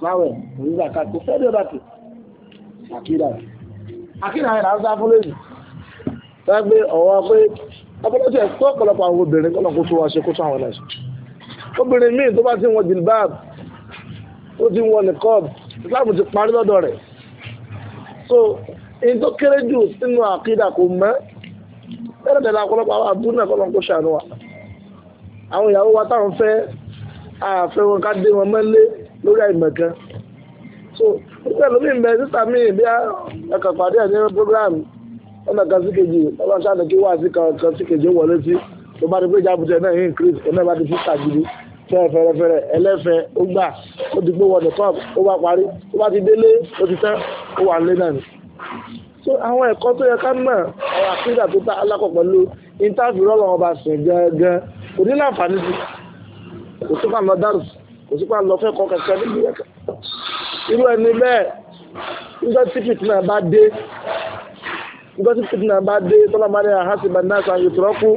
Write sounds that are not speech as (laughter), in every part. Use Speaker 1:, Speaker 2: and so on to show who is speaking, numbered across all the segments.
Speaker 1: sáwẹ̀ òní zaka kò fẹ́ dé dàtí àkídà àkídà yẹn náà sáfún lẹ́yìn tẹ́ pé ọ̀wọ́ pé ọ̀pọ̀lọpọ̀ ẹ̀ tó ọ̀pọ̀lọpọ̀ àwọn obìnrin kọ́nà kó tó wá ṣe kó tó àwọn ẹlẹ́sìn obìnrin míì tó bá ti wọ jilbab tó ti wọ nìkọ́b Islam ti parí lọ́dọ̀ rẹ̀ so in tó kéré jù sínú àkídà kò mọ́ bẹ́ẹ̀ tẹ̀lé ọ̀pọ̀lọpọ̀ àwọn àbúrò náà kọ́nà kó ṣàánú wa àwọn ìyàwó wa táwọn fẹ́ àfẹ́ wọn ká dé wọn mọ́lé lórí àìmọ̀kan so nígbà lómi ń bẹ sísá mi bí ẹkàn pàdé ẹ̀ ní program ọ̀nà kan sí kejì ọba ṣáàdì kí wá sí kan sí kejì wọlé sí tó bá ti pé jábùtẹ náà yín increase ọ̀nà bá ti fi sàgìrì fẹ́rẹ́fẹ́rẹ́fẹ́rẹ́ ẹlẹ́fẹ́ ó gbà ó ti gbé wọn ní cup ó bá parí ó bá ti délé ó ti tán ó wà lé náà ni. so àwọn ẹ̀kọ́ tó yẹ ká mọ̀ àwọn àfíìsà tó ta alákọ̀ pẹ̀lú interview lọ́wọ́ ọba sùn gángan kò ní láǹfààní sí kò tó fà mọ́ dárùsù kò sí pa lọ fẹ́ kọ́ kẹ̀kẹ́ níbi ẹ̀kẹ́ irú ẹni bẹ́ẹ̀ nígbà tí fìtínà bá dé nígbà tí fìtínà bá dé sọ́lá máa ní àhásí bá náà sàn yòtúrọ́kù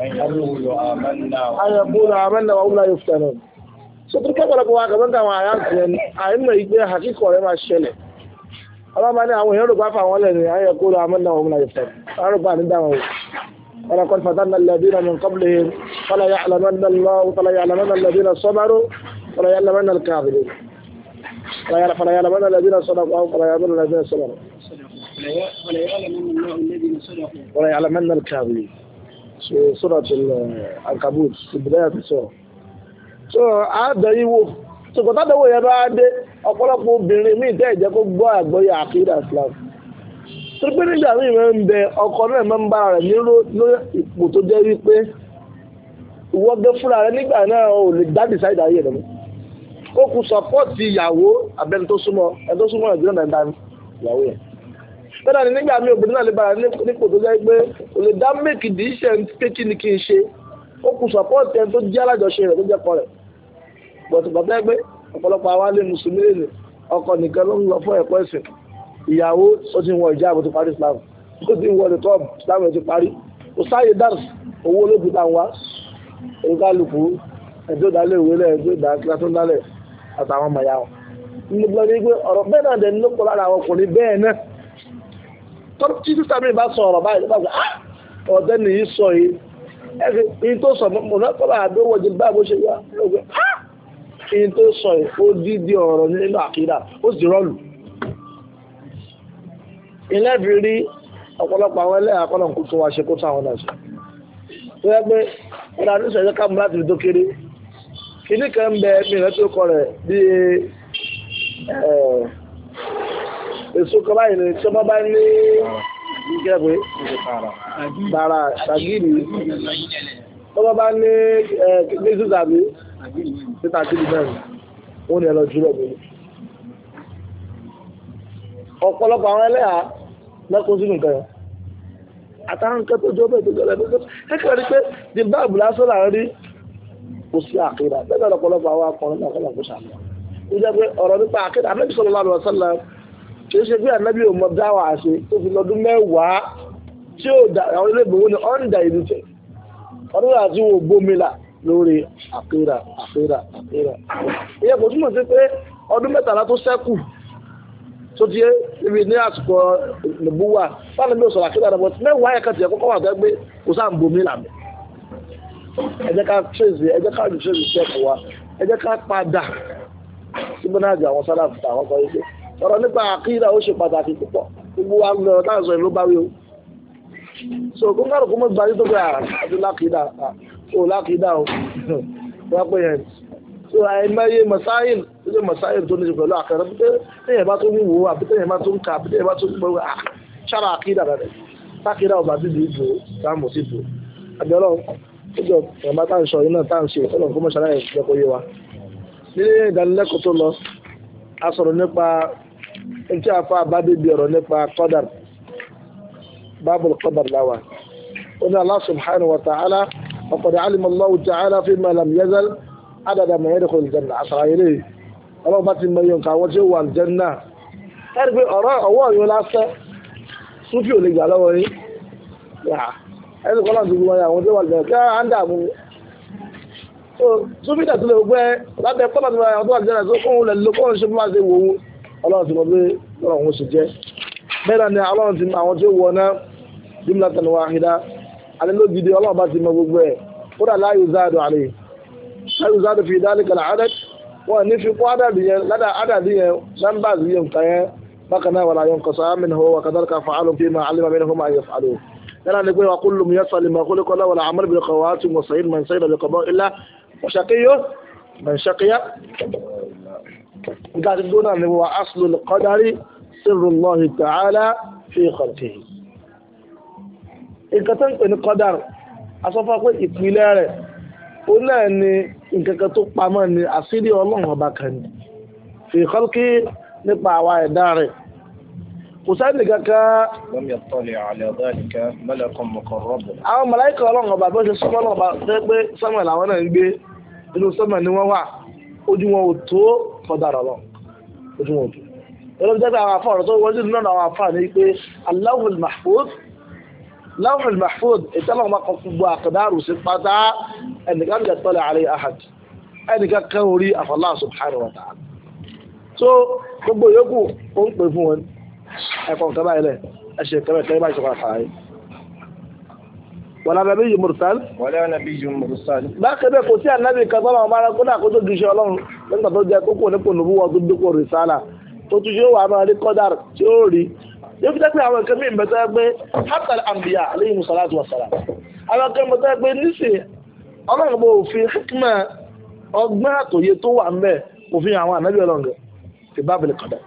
Speaker 1: ayẹ̀kúlò àmẹ́nà wà wúlò ayọ̀fẹ́ náà sotu kọ́kọ́rọ́kọ́ wa kàmọ́ ní àwọn àyà tiẹ̀ ní àyẹ̀mọ̀ ìgbé àkíkọ̀ rẹ̀ máa ṣẹlẹ̀ ọlọ́mọ ní àwọn èèyàn rògbà fáwọn lẹ́nu ayẹ̀kúlò àmẹ́nà wà wúlò ayọ̀fẹ́ náà rògbà ní dáwọn o. ولقد فتنا الذين من قبلهم فلا يعلمن الله فلا يعلمن الذين صبروا فلا يعلم يعلمن الكاذبين فلا يعلم يعلم فلا يعلمن الذين صدقوا أو فلا يعلمن الذين صدقوا ولا يعلمن الله الذين صدقوا ولا يعلمن الكاذبين في سورة العنكبوت في بداية السورة so àádáyíwò ṣùgbọ́n tádéwò yẹn bá dé ọ̀pọ̀lọpọ̀ obìnrin míì tẹ́ ìjẹ́ kó gbọ́ àgbọ́yé àkídà Islam tó pé nígbà míì máa ń bẹ ọkọ náà máa ń bára rẹ̀ níró lórí ipò tó jẹ́ wípé ìwọ́gẹ́ fúnra rẹ̀ nígbà náà ò lè dá dìsáìdì ayé rẹ̀ mọ́ ó kù sọ́pọ́ọ̀tì ìyàwó abẹ́ni tó súnmọ́ ẹni tó súnmọ́ ìdílé náà dáná ìyàwó yẹn. bẹ́ẹ̀ ni nígbà mi obìnrin náà lè bára nípò tó jẹ́ pé kò lè dá méèkì dì í ṣe pé kí ni kí n ṣe ó kù sọ́pọ́ọ̀tì ẹni tó jẹ́ alájọṣe rẹ̀ tó jẹ́ kọ rẹ̀. bọ̀tù bàbá ẹgbẹ́ ọ̀pọ̀lọpọ̀ àwa lè mùsùlùmí lè ọkọ nìkan ló ń lọ fún ẹ̀kọ́ ẹ̀sìn ìyàwó ó ti wọ ìjáàbò tó parí Islam àtàwọn ọmọ ya wọn nígbà tí pé ọ̀rọ̀ bẹ́ẹ̀ náà dẹ̀ ló kọ́ lára àwọn ọkùnrin bẹ́ẹ̀ náà tọ́ tí sísá mi bá sọ ọ̀rọ̀ báyìí nígbà pé ah ọ̀dẹ́ nìyí sọ yìí ẹ̀fẹ̀ ìyí tó sọ mọ̀ náà kọ́lá àdéhùn ọ̀jẹ̀ bá bó ṣe wá ọ̀gbẹ́ ah ìyí tó sọ yìí ó dídí ọ̀rọ̀ nínú àkídà ó sì rọ́ọ̀lù ilé rí ọ̀pọ̀lọpọ̀ àwọn ẹlẹ́yà akọ́nà kó tún wá ṣe kó tún àwọn náà ṣe tó yẹ pé ìlànà ìṣẹ̀jẹ̀ ká kìíní kan bẹ mìíràn tó kọ rẹ̀ bí eh, èso kan báyìí ni tí ọba bá ní kíkẹ́ pé bàrà ṣàgìrì tí ọba bá ní gbèsè eh, tàbí títà kìíní bẹ́ẹ̀ wọ́n ní ẹ lọ jùlọ mi. ọ̀pọ̀lọpọ̀ àwọn ẹlẹ́yà lẹ́kùn sínú nǹkan yẹn àtàwọn nǹkan tó jọ bẹ́ẹ̀ tó jọ bẹ́ẹ̀ tó jọ bẹ́ẹ̀ pé the bag lásán là ń rí kò sí àkídà bẹ́ẹ̀ lọ́pọ̀lọpọ̀ àwọn akọrin náà kọ́nà kó sàmì ó jẹ́ pé ọ̀rọ̀ nípa àkídà anábì sallallahu alaihi wasallam kì í ṣe pé anábì ò mọ dáwà àṣe tó fi lọ́dún mẹ́wàá tí ó da àwọn ilé ìgbòho ni ọ̀ǹda ìlú tẹ̀ ọdún yàrá tí wọ́n gbómi là lórí àkídà àkídà àkídà ìyẹn kò túmọ̀ sí pé ọdún mẹ́tàlá tó sẹ́kù tó ti yé ní àsìkò nìbúwà fáwọn ẹgbẹ́ òṣèlú àkídà rẹ̀ mẹ́wàá yẹ ẹ jẹ́ ká trace ẹ jẹ́ ká lu trace step wa ẹ jẹ́ ká padà síbúnájì àwọn sálàfù àwọn sọ yìí pé ọ̀rọ̀ nípa àkídà ó ṣe pàtàkì púpọ̀ gbogbo wa ń lọ náà sọ ìlú báwí o so kó kárò kó mọ gbajú tó gbé ah, àti lákìdá ah, o lákìdá o wọ́n pè yẹn so àìmọye mọ̀sáyìn tó ṣe mọ̀sáyìn tó ní ṣe pẹ̀lú àkàrà pété téèyàn bá tó ń wò ó àbí téèyàn bá tó ń kà àbí téèyàn bá tó ń gbọ́ à ah, ṣára àkídà rẹ̀ lákìdá ọba bíbí ìdò táwọn mọ̀ sí ìdò àbí ìjọ ìyàmbá tá à ń sọ iná tá à ń ṣe ọlọ́run kó mọ̀ṣálá yẹn jẹ́ kó yé wa. nílé ìdánilẹ́kọ̀ọ́ tó lọ a sọ̀rọ̀ nípa ntí afa àbádébí ọ̀rọ̀ nípa kọ́dàr bábùl kọ́dàr láwa. ó ní Allah subhanahu wa ta'ala ọ̀pọ̀ dà alima Allahu fi ma lam yazal adada ma yẹ́dẹ̀kọ̀ ìjànà àṣàrà yẹlẹ̀ ọlọ́run bá ti mọ iye nǹkan àwọn tí ó wà àlùjánnà. ẹ̀rí pé ọ̀rọ̀ ọwọ́ yóò lásán súnfì ò lè gbà lọ́wọ́ yín ẹni kọ́ láti gbogbo àwọn tó wà lẹ́yìn kí á ń dààmú. tó fídà tó lè gbẹ lábẹ́ kọ́ láti gbogbo àwọn tó wà lẹ́yìn tó kóhun lè lo kóhun ṣe máa ṣe wò ó ọlọ́run ti mọ pé ọlọ́run ò sì jẹ́ bẹ́ẹ̀ náà ni ọlọ́run ti mọ àwọn tó wọ náà jimla tan wahida alẹ́ ló gidi ọlọ́run bá ti mọ gbogbo ẹ̀ kódà la yuzadu alayhi la yuzadu fi dhalika al-adad wọn ní fi kó àdàdì yẹn ládà àdàdì yẹn nọ́mbà yẹn kàn yẹn bákan náà wala yanqasa minhu wa kadhalika fa'alu fima alima minhum ma yaf'alu yana ni pé wa kullu muyassar lima khuliqa lahu wal amalu bil khawatim wa sa'id man sa'ida bil qada'i illa wa shaqiyyun man shaqiya nǹkan àti dúró náà ni wa aslul qadari sirrullahi ta'ala fi khalqihi nǹkan tó ń pè ní qadar asọ́fà pé ìpìlẹ̀ rẹ̀ ó náà ni nǹkan tó pamọ́ ni àṣírí ọlọ́run ọba kan ni fi khalqi nípa àwa ẹ̀dá rẹ̀ kò sẹ́ni kankan. lọ́mí ọ̀tọ́lẹ̀ àlẹ́dáàlìkà mẹ́lẹ̀kan mọ̀kànrọ́bù. àwọn màláíkà ọlọ́run ọba bí wọ́n ṣe súnmọ́ ọlọ́run ọba fẹ́ pé sọ́mọ̀ làwọn náà ń gbé inú sọ́mọ̀ ni wọ́n wà ojú wọn ò tó kọ̀dàrọ̀ lọ ojú wọn ò tó. ẹlọ́mí jẹ́ pé àwọn afọ ọ̀rọ̀ tó wọ́n sì nínú àwọn afọ àná pé aláwùl mahfud láwùl mahfud ìtẹ́lọ́wọ́n so gbogbo yòókù ó ń ẹ̀kọ́ nǹkan báyìí lẹ̀ ẹ ṣe nǹkan báyìí báyìí ṣọkọ̀ àfààní. wàlá nàbí yìí mursal. wàlá nàbí yìí mursal. bákan náà kò sí ànábì kan tó máa máa kódà kó tó gíṣẹ́ ọlọ́run nígbà tó jẹ́ kókó nípò nùbú wọn tó dúpọ̀ rìsálà tó tún yóò wà máa rí kọ́dà tí ó rí yóò fi dẹ́pẹ́ àwọn nǹkan mìíràn bẹ́tẹ́ pé hatal anbiya aleyhi musalatu wasala àwọn nǹkan bẹ́tẹ́ pé ọlọ́run bó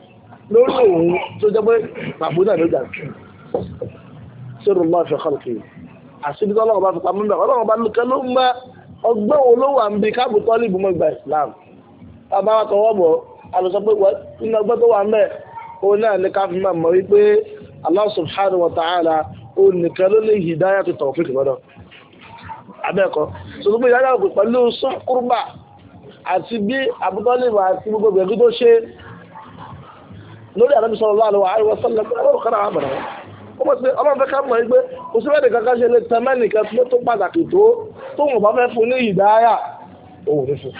Speaker 1: lórí òun tó jẹ́ pé màbúdà ló jà sórí lọ́ọ̀ fi kọ́lù kì í àṣírí tó ọlọ́run bá fi pamọ́ bẹ́ẹ̀ ọlọ́run bá nìkan ló mọ ọgbọ́n olówó àmì káàbù tọ́lì ìbùmọ̀ ìgbà Islam bàbá wa tọwọ́ bọ̀ àlùsọ pé nínú ọgbọ́n tó wà ń bẹ̀ òun náà ní ká fi máa mọ̀ wípé Allah subhanahu wa ta'ala òun nìkan ló lè yí dáyà tó tọ̀wọ́ fìkì lọ́dọ̀ abẹ́ẹ̀kọ́ sọ̀tún lórí àdàbí sọ̀rọ̀ láàrin wa àríwá sọ́lẹ̀ ọlọ́run kan náà àmọ̀ náà ó mọ̀ sí pé ọlọ́run fẹ́ ká mọ̀ yí pé kò sí bẹ́ẹ̀ nìkan ká ṣe lè tẹ mẹ́nìkan tó tó pàtàkì tó tó wọn bá fẹ́ fún ní ìdáyà òun ní fún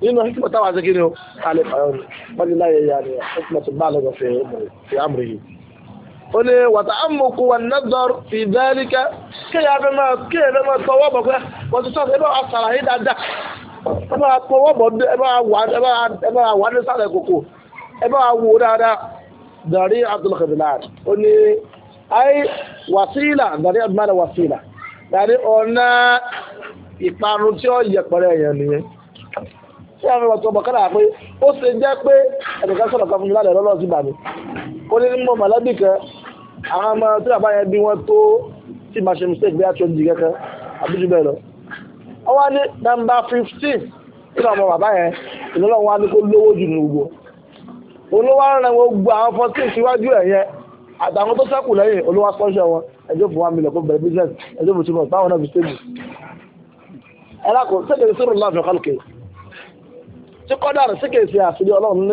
Speaker 1: nínú hikima táwa ṣe kí ni o alẹ́ fàyọ́ ni wọ́n ti láyé ya ni hikima tó bá lọ́gọ̀ fi fi àmúrè yìí. ó ní wàtà àmùkù wà nàdọ́r fi dhalika kéèyàn ẹ bá wa wò dáadáa dari abdul khadilaat ó ní ayé wàsílà dari abdul wàsílà dari ọ̀nà ìparun tí ó yẹpẹrẹ yẹn nìyẹn tí a fi wọ́n tọ́ bọ̀ kára pé ó ṣe jẹ́ pé ẹnìkan sọ̀rọ̀ kan fún mi lálẹ́ lọ́lọ́sí bà mí ó ní mọ̀ mọ̀lẹ́bí kan àwọn ọmọ tí bàbá yẹn bí wọ́n tó tí màá ṣe mistake bí a tó di kankan àbújú bẹ́ẹ̀ lọ. wọ́n ní nọ́mbà fifteen nínú ọmọ bàbá yẹn ìlọ́lọ́wọ́n wá ní kó lówó jù ní gbogbo olówó aràn gbogbo àwọn fọtí ìṣíwájú ẹ̀ yẹn àtàwọn tó sẹ́kù lẹ́yìn olówó asọ́ṣẹ́ wọn ẹjọ́ fún wa mílíọ̀n kó bẹ̀rẹ̀ business ẹjọ́ fún túnbọ̀ báwọn náà fi stable. ẹ lákò sékèé sọ̀rọ̀ náà fi kálukè tí kọ́dàrú sékèé sí àṣírí ọlọ́run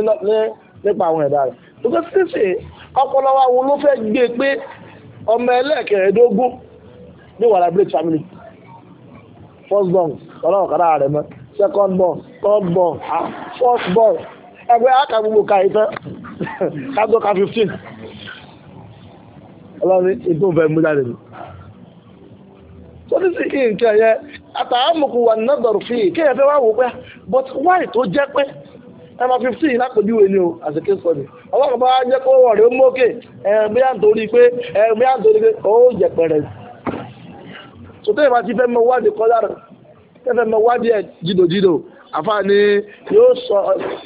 Speaker 1: nípa àwọn ẹ̀dá rẹ̀ lókè sísè ọpọlọ wa wo ló fẹ́ gbé pé ọmọ ẹlẹ́ẹ̀kẹ̀ẹ́dógún ní wàrà blake family first born ọlọ́run kàdá rẹ̀ mọ́ second born third born ah, fourth born ẹgbẹ́ aka gbogbo ka yìí tán kájọ ka fifteen ọlọ́run ètò ìfẹ́ mú jáde ni. tó ní sí kí nǹkan yẹ àtàámùkù wà nínú dọ̀rọ̀ fi kí fẹ́ wá wò pé but why tó jẹ́ pé ẹmọ fifteen yìí lápèjúwe ni o àsìkè sọ ni ọlọ́run bá jẹ́ kó wọ̀ rẹ̀ ó mókè ẹ̀ẹ́dẹ́ à ń torí pé ẹ̀ẹ́dẹ́ à ń torí pé ó yẹpẹrẹ. sọtẹ́ ìbá ti fẹ́ mọ wádìí kọ́lá rẹ̀ fẹ́ fẹ́ mọ wádìí ẹ̀ jìdòjìdò àfààní yóò sọ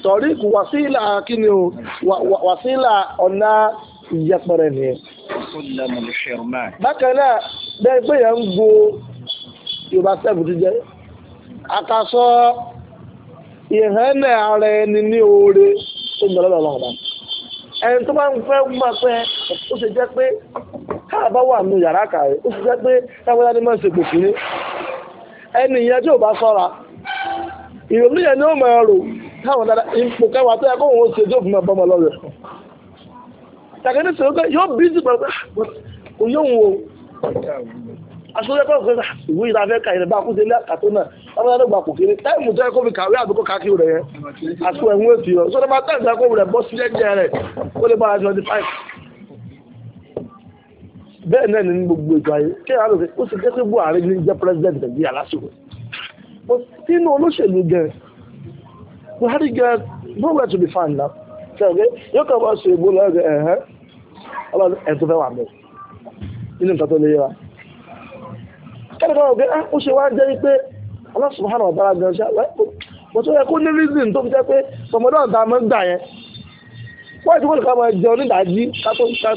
Speaker 1: sọrí kù wàsílà kíni o wàsílà ọ̀nà ìyẹpẹrẹ nìyẹn. bákan náà bẹ́ẹ̀ pé yẹn ń gbo yorùbá sẹ́ẹ̀bù ti jẹ́ àkàsọ ìhẹ́nà ara ẹni ní oore tó ń bẹ lọ́dọ̀ ọlọ́run bá ẹni tó bá ń fẹ́ mọ̀ pé ó ṣe jẹ́ pé káà bá wà nù yàrá kàwé ó ṣe jẹ́ pé táwọn ẹni máa ń ṣe gbòkúrú ẹni ìyẹn tí ò bá ìrònú yẹn ni ó máa rò táwọn dada ipò kẹwàá tó yẹ kó òun ṣe tó fún ọmọ ọmọ lọ́rẹ̀ tàgé ní sọ̀rọ̀ pé yóò bí sí pẹ̀lú ah, kò yóò wò aṣọ́jọ́ pẹ̀lú pé ah, ìwé ìta fẹ́ ka ìrẹ̀bá kúṣe ilé àkàtó náà ọmọ dada gba kò kéré táìmù tó yẹ kó fi kàwé àbíkó káàkiri rẹ̀ yẹn àti ẹ̀wọ̀n èsì rẹ̀ sọ́dọ̀ máa táìmù tó yẹ kó rẹ̀ bọ́ sí jẹ́jẹ́ rẹ̀ ó lè bá a twenty five bẹ́ẹ̀ náà ní gbogbo ìgbà yìí kí sínú olóṣèlú gan Buhari gan nowhere to be found now ṣẹ́ọ̀gẹ́ yóò kọ́ bọ́ ṣe ìbò lọ́gẹ̀ ẹ̀hẹ́ ọlọ́dún fẹ́ wà nǹkan tó lè ọ̀gẹ́ ah, ó ṣe wá jẹ́ pé Allah subhanahu gan tó yẹ kó ní tó fi jẹ́ pé mọ́ gbà yẹn wọ́n ti wọ́n jẹ onídàájí kátó ṣe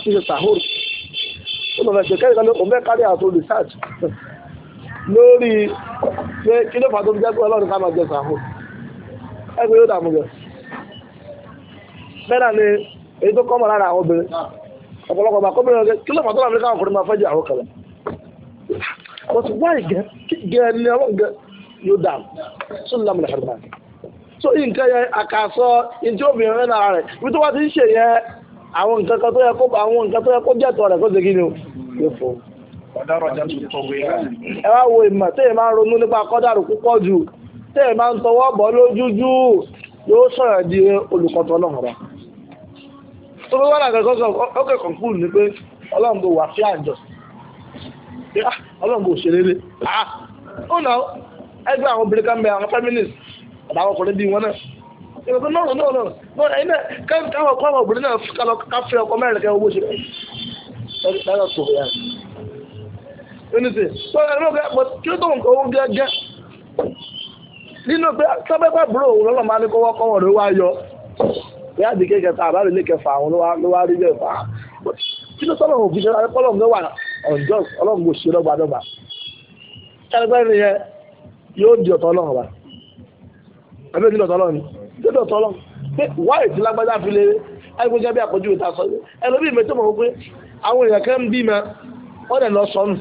Speaker 1: ó lọ fẹ́ ṣe pé kí ló fà tó fi jẹ́ pé ọlọ́run ká máa jẹ sàhó ẹgbẹ́ yóò dààmú jẹ bẹ́ẹ̀ náà ni èyí tó kọ́ mọ̀ lára àwọn obìnrin ọ̀pọ̀lọpọ̀ bá kọ́bìnrin ọ̀gẹ́ kí ló fà tó làwọn káwọn ọkùnrin máa fẹ́ àwọn kẹlẹ̀ but why gẹ gẹ ni ọwọ́ gẹ yóò dààmú sún lámù ní àrùbá so nǹkan yẹn àkàsọ ìjọ obìnrin rẹ náà rẹ ibi tó wá ti ń ṣe yẹn àwọn nǹkan kan tó yẹ kó àwọn nǹkan tó yẹ kó jẹ́tọ̀ rẹ̀ kó ṣe kí ni o yóò fọ́ ẹ wá wo ìmọ̀ tẹ́yẹ̀ máa ń ronú nípa kọ́dàrú púpọ̀ jù ma máa ń tọwọ́ bọ̀ lójújú yóò sọ̀rọ̀ di olùkọ́tọ̀ ọlọ́run rẹ̀ tó bí wọ́n náà kẹ́kọ̀ọ́ sọ kọ̀ǹkúrù ni pé ọlọ́run wà sí àjọ ah, ọlọ́run ṣe ó ah, oh nà ẹgbẹ́ àwọn obìnrin kan bẹ àwọn àtàwọn ọkùnrin wọn náà náà náà náà ẹ̀yin náà káwọn anything so ẹnu kẹ but kí ló tó nǹkan òun gẹ́gẹ́ nínú pé sábẹ́pẹ́ búrò òun lọ́nà máa ní kó wọ́kọ́ wọ̀n ló wá yọ bí àdìgẹ́ kẹta àbárí ilé kẹfà àwọn ló wá rí bẹ́ẹ̀ fà á kí ló sọ́nà òfin ṣẹlẹ̀ àdìpọ́ ọlọ́run wà ọ̀jọ́ ọlọ́run kò ṣe dọ́gba dọ́gba sábẹ́pẹ́ ni yẹn yóò di ọ̀tọ̀ ọlọ́run wa ẹgbẹ́ ìdílé ọ̀tọ̀ ọlọ́run yóò di ọ̀tọ̀ ọlọ́run pé wáyé tí lágbájá fi lé ẹgbẹ́jẹ́ bí àpọ̀jù ìta sọ ẹlòmíì mẹ́tọ́ mọ̀ wọ́n pé àwọn èèyàn kẹ́ ń bí mẹ́ wọ́n dẹ̀ lọ sọ́nù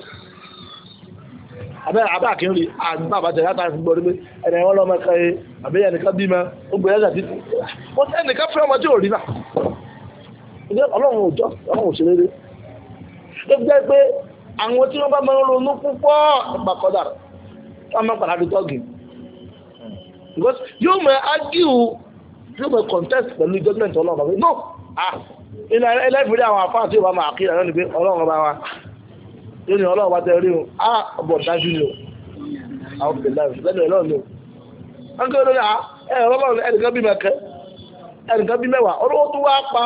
Speaker 1: àbá àkínrí àgbà àbájá látà fi gbọ́ pé ẹnì ẹ̀wọ́n lọ́mọ kan ẹ àbẹ́yẹ nìkan bímọ ó gbé ẹ̀sà títí wọ́n tẹ́ nìkan fẹ́ ọmọ tí ò rí nà ọlọ́run ò jọ ọlọ́run ò ṣe rere ló jẹ́ pé àwọn tí wọ́n bá máa ń ronú púpọ̀ nípa kọ́dà wọ́n máa ń padà di tọ́gì yóò mọ ágíù yóò mọ contest pẹ̀lú judgement ọlọ́run bàbá no ah ilẹ̀ ẹlẹ́fìrí àwọn àfáà tí ò bá máa kí ìrìn ọlọ́run bá tẹ rí o á bọ̀ dájú ni o àwọn òkè náà lẹ́nu ẹ̀ lọ́run o. wọ́n kí ló dé yà ẹ ọlọ́run ẹnìkan bí mẹ́kẹ́ ẹnìkan bí mẹ́wàá olówó tó wá pa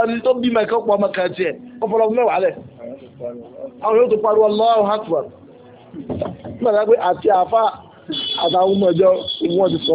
Speaker 1: ẹni tó bí mẹ́kẹ́ pọ̀ mẹ́kẹ́ tiẹ̀ mẹ́wàá lẹ̀. àwọn yóò tó pariwo nígbà àti àfa àtàwọn ọmọ ìwọ́n ti sọ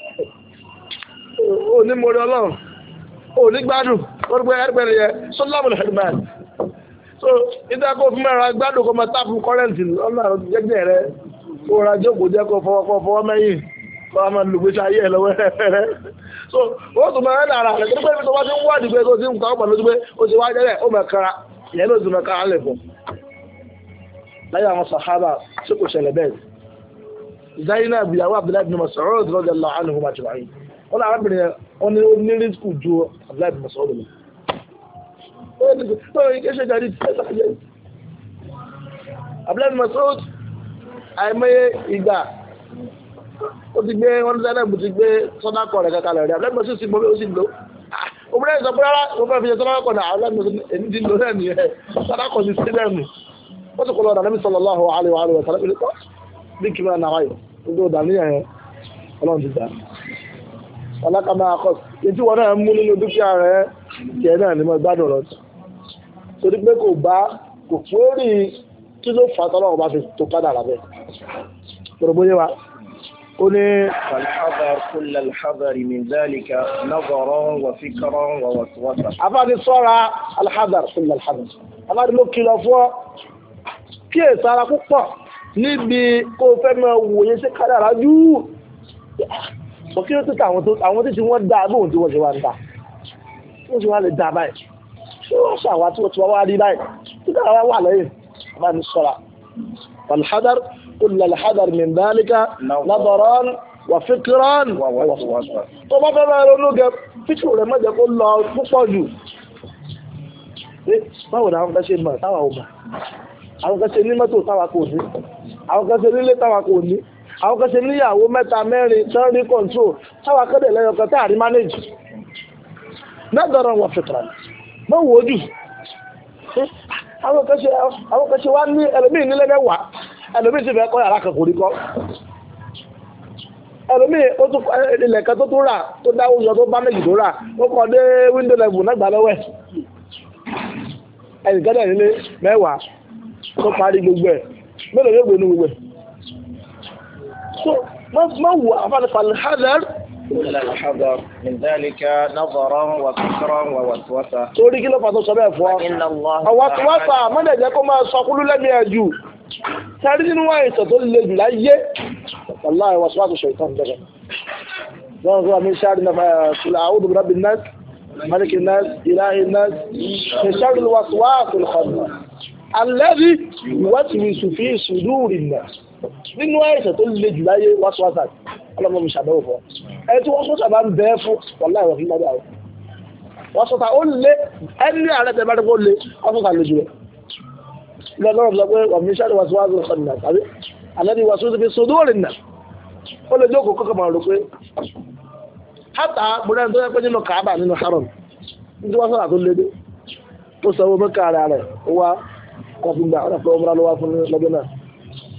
Speaker 1: òní mo rí ọlọ́run òní gbádùn orúkọ ẹgbẹ̀rẹ̀ yẹ sọlámù hẹgbẹ̀rẹ̀ so ìdá kó fún mẹ́ra gbádùn kó máa táàpù kọ́rẹ́ǹtì lọ́nà jẹ́gbẹ̀ rẹ kó ra jókòó jẹ́ kó fọwọ́ kó fọwọ́ mẹ́yìn kó a máa lùgbé sáyé ẹ̀ lọ́wọ́ rẹ so ó tún máa ń rà rà rẹ̀ kí pé tó bá ti ń wádìí pé tó ti ń kọ́ ọ̀pọ̀ lójú pé ó ti wá jẹ́rẹ̀ ó mẹ́ kara ìyẹn ló ti ó ní arábìnrin yẹn ó ní ó ní rísíkù ju abdullahi bin masoud lọ. ó ní kí ṣe jáde tí ẹ sáré abdullahi bin masoud àìmọye ìgbà ó ti gbé wọn ní sẹ́nẹ̀bù ti gbé sọ́dákọ̀ rẹ̀ kankan lẹ̀ rí abdullahi bin masoud sì mọ́ bí ó sì lò obìnrin yìí sọ pé rárá mo fẹ́ fi ṣe sọ́dákọ̀ náà abdullahi bin masoud èmi ti lò náà nìyẹn sọ́dákọ̀ ti sí lẹ́nu ó sì kọ́ lọ́dà nàbí sallallahu alaihi bí kìí máa nàwáyé gbogbo dàníyàn yẹn ọlọ́run ti dà ọlákàmá akọ́s etí wọn náà mú nínú dúkìá rẹ tiẹ̀ náà ni mo gbádùn rọ sí torí pé kò bá kò fúórì kí ló fà tọ́lọ́ ọba fi tó padà lábẹ́ gbọ̀rọ̀gbọ̀yé wa ó ní. falhadar kulla alhadari min dhalika nazaran wa afáàdì sọ́ra alhadar kulla alhadari afáàdì ló kìlọ̀ fún ọ kí èso ara púpọ̀ níbi kó o fẹ́ máa wòye sí kádàrá jù sọ kí ló tó tàwọn tó àwọn tó ti wọ́n dáa bóun tí wọ́n ṣe wá ń ta wọ́n ṣe wá lè dáa báyìí ṣé wọ́n ṣàwá tí wọ́n ti wá wá rí báyìí tí káwọn wá lẹ́yìn bá ní sọ̀ra alhadar kúlẹ̀ alhadar mìndálíkà lábọ̀rán wà fíkírán tó bá fẹ́ báyìí ronú gẹ fíkì rẹ̀ má kó lọ púpọ̀ jù báwo ni àwọn kan mọ̀ táwa ò mọ̀ àwọn kan ní mọ́tò táwa kò ní àwọn kan nílé táwa kò ní àwọn kan ṣe níyàwó mẹ́ta mẹ́rin tán rí control táwa kéde lẹ́yìn ọkàn táà rí manage nẹ́gbẹ̀rún wọn fìtìrà mọ́ wò ó jù àwọn kan ṣe wá ní ẹlòmíì nílé mẹ́wàá ẹlòmíì sì fẹ́ kọ́ yàrá kan kò rí kọ́ ẹlòmíì ó tún ilẹ̀ kan tó tún rà tó dáwó yọ tó bá méjì tó rà ó kọ́ dé window level náà gbà lọ́wọ́ ẹ̀ nílé mẹ́wàá tó parí gbogbo ẹ̀ mélòó gbogbo ẹ̀ so ما هو أعمال فالحذر من الحذر من ذلك نظرا وفكرا ووسوسة torí kí ló fà tó sọ bẹ́ẹ̀ fún wa àwọ̀túwọ́sà mọ́lẹ̀jẹ́ kó máa sọ kúlú lẹ́nu ẹ̀ jù sáré nínú àìsàn tó lè jù láyé wàláhì wàsíwàsí ṣètò ìjọba wọn sọ àmì sáré náà ṣùlá àwùjọ bìrọ̀bì náà ملك الناس إله الناس من شر الوسواس الخناس الذي يوسوس في صدور الناس nínú àìsàn tó le jù láyé wáṣíwáṣà ọlọ́mọ mi ṣàbẹ̀wò fún ọ ẹni tí wọ́n sọ́sà bá ń bẹ́ẹ̀ fún wọ́n láì wọ́n fi ń gbádùn àwọn wọ́n sọ́sà ó lé ẹni ààrẹ tẹ̀ bá dé kó lé wọ́n sọ́sà lè jù rẹ̀ ilẹ̀ lọ́rọ̀ sọ pé wọ́n mi ṣáàdì wáṣíwáṣà kan nà tàbí àlẹ́ni wáṣíwáṣà fi sodó rìn nà ó lè jókòó kọ́kọ́ máa rò pé hátà bùrẹ́ tó yẹ pé nínú kàábà nínú haram nítorí wọ́n sọ́sà tó lé dé tó sọ owó mẹ́kà rẹ̀ rẹ̀ wá kọ́fíńgbà ọ̀nà pé ó múra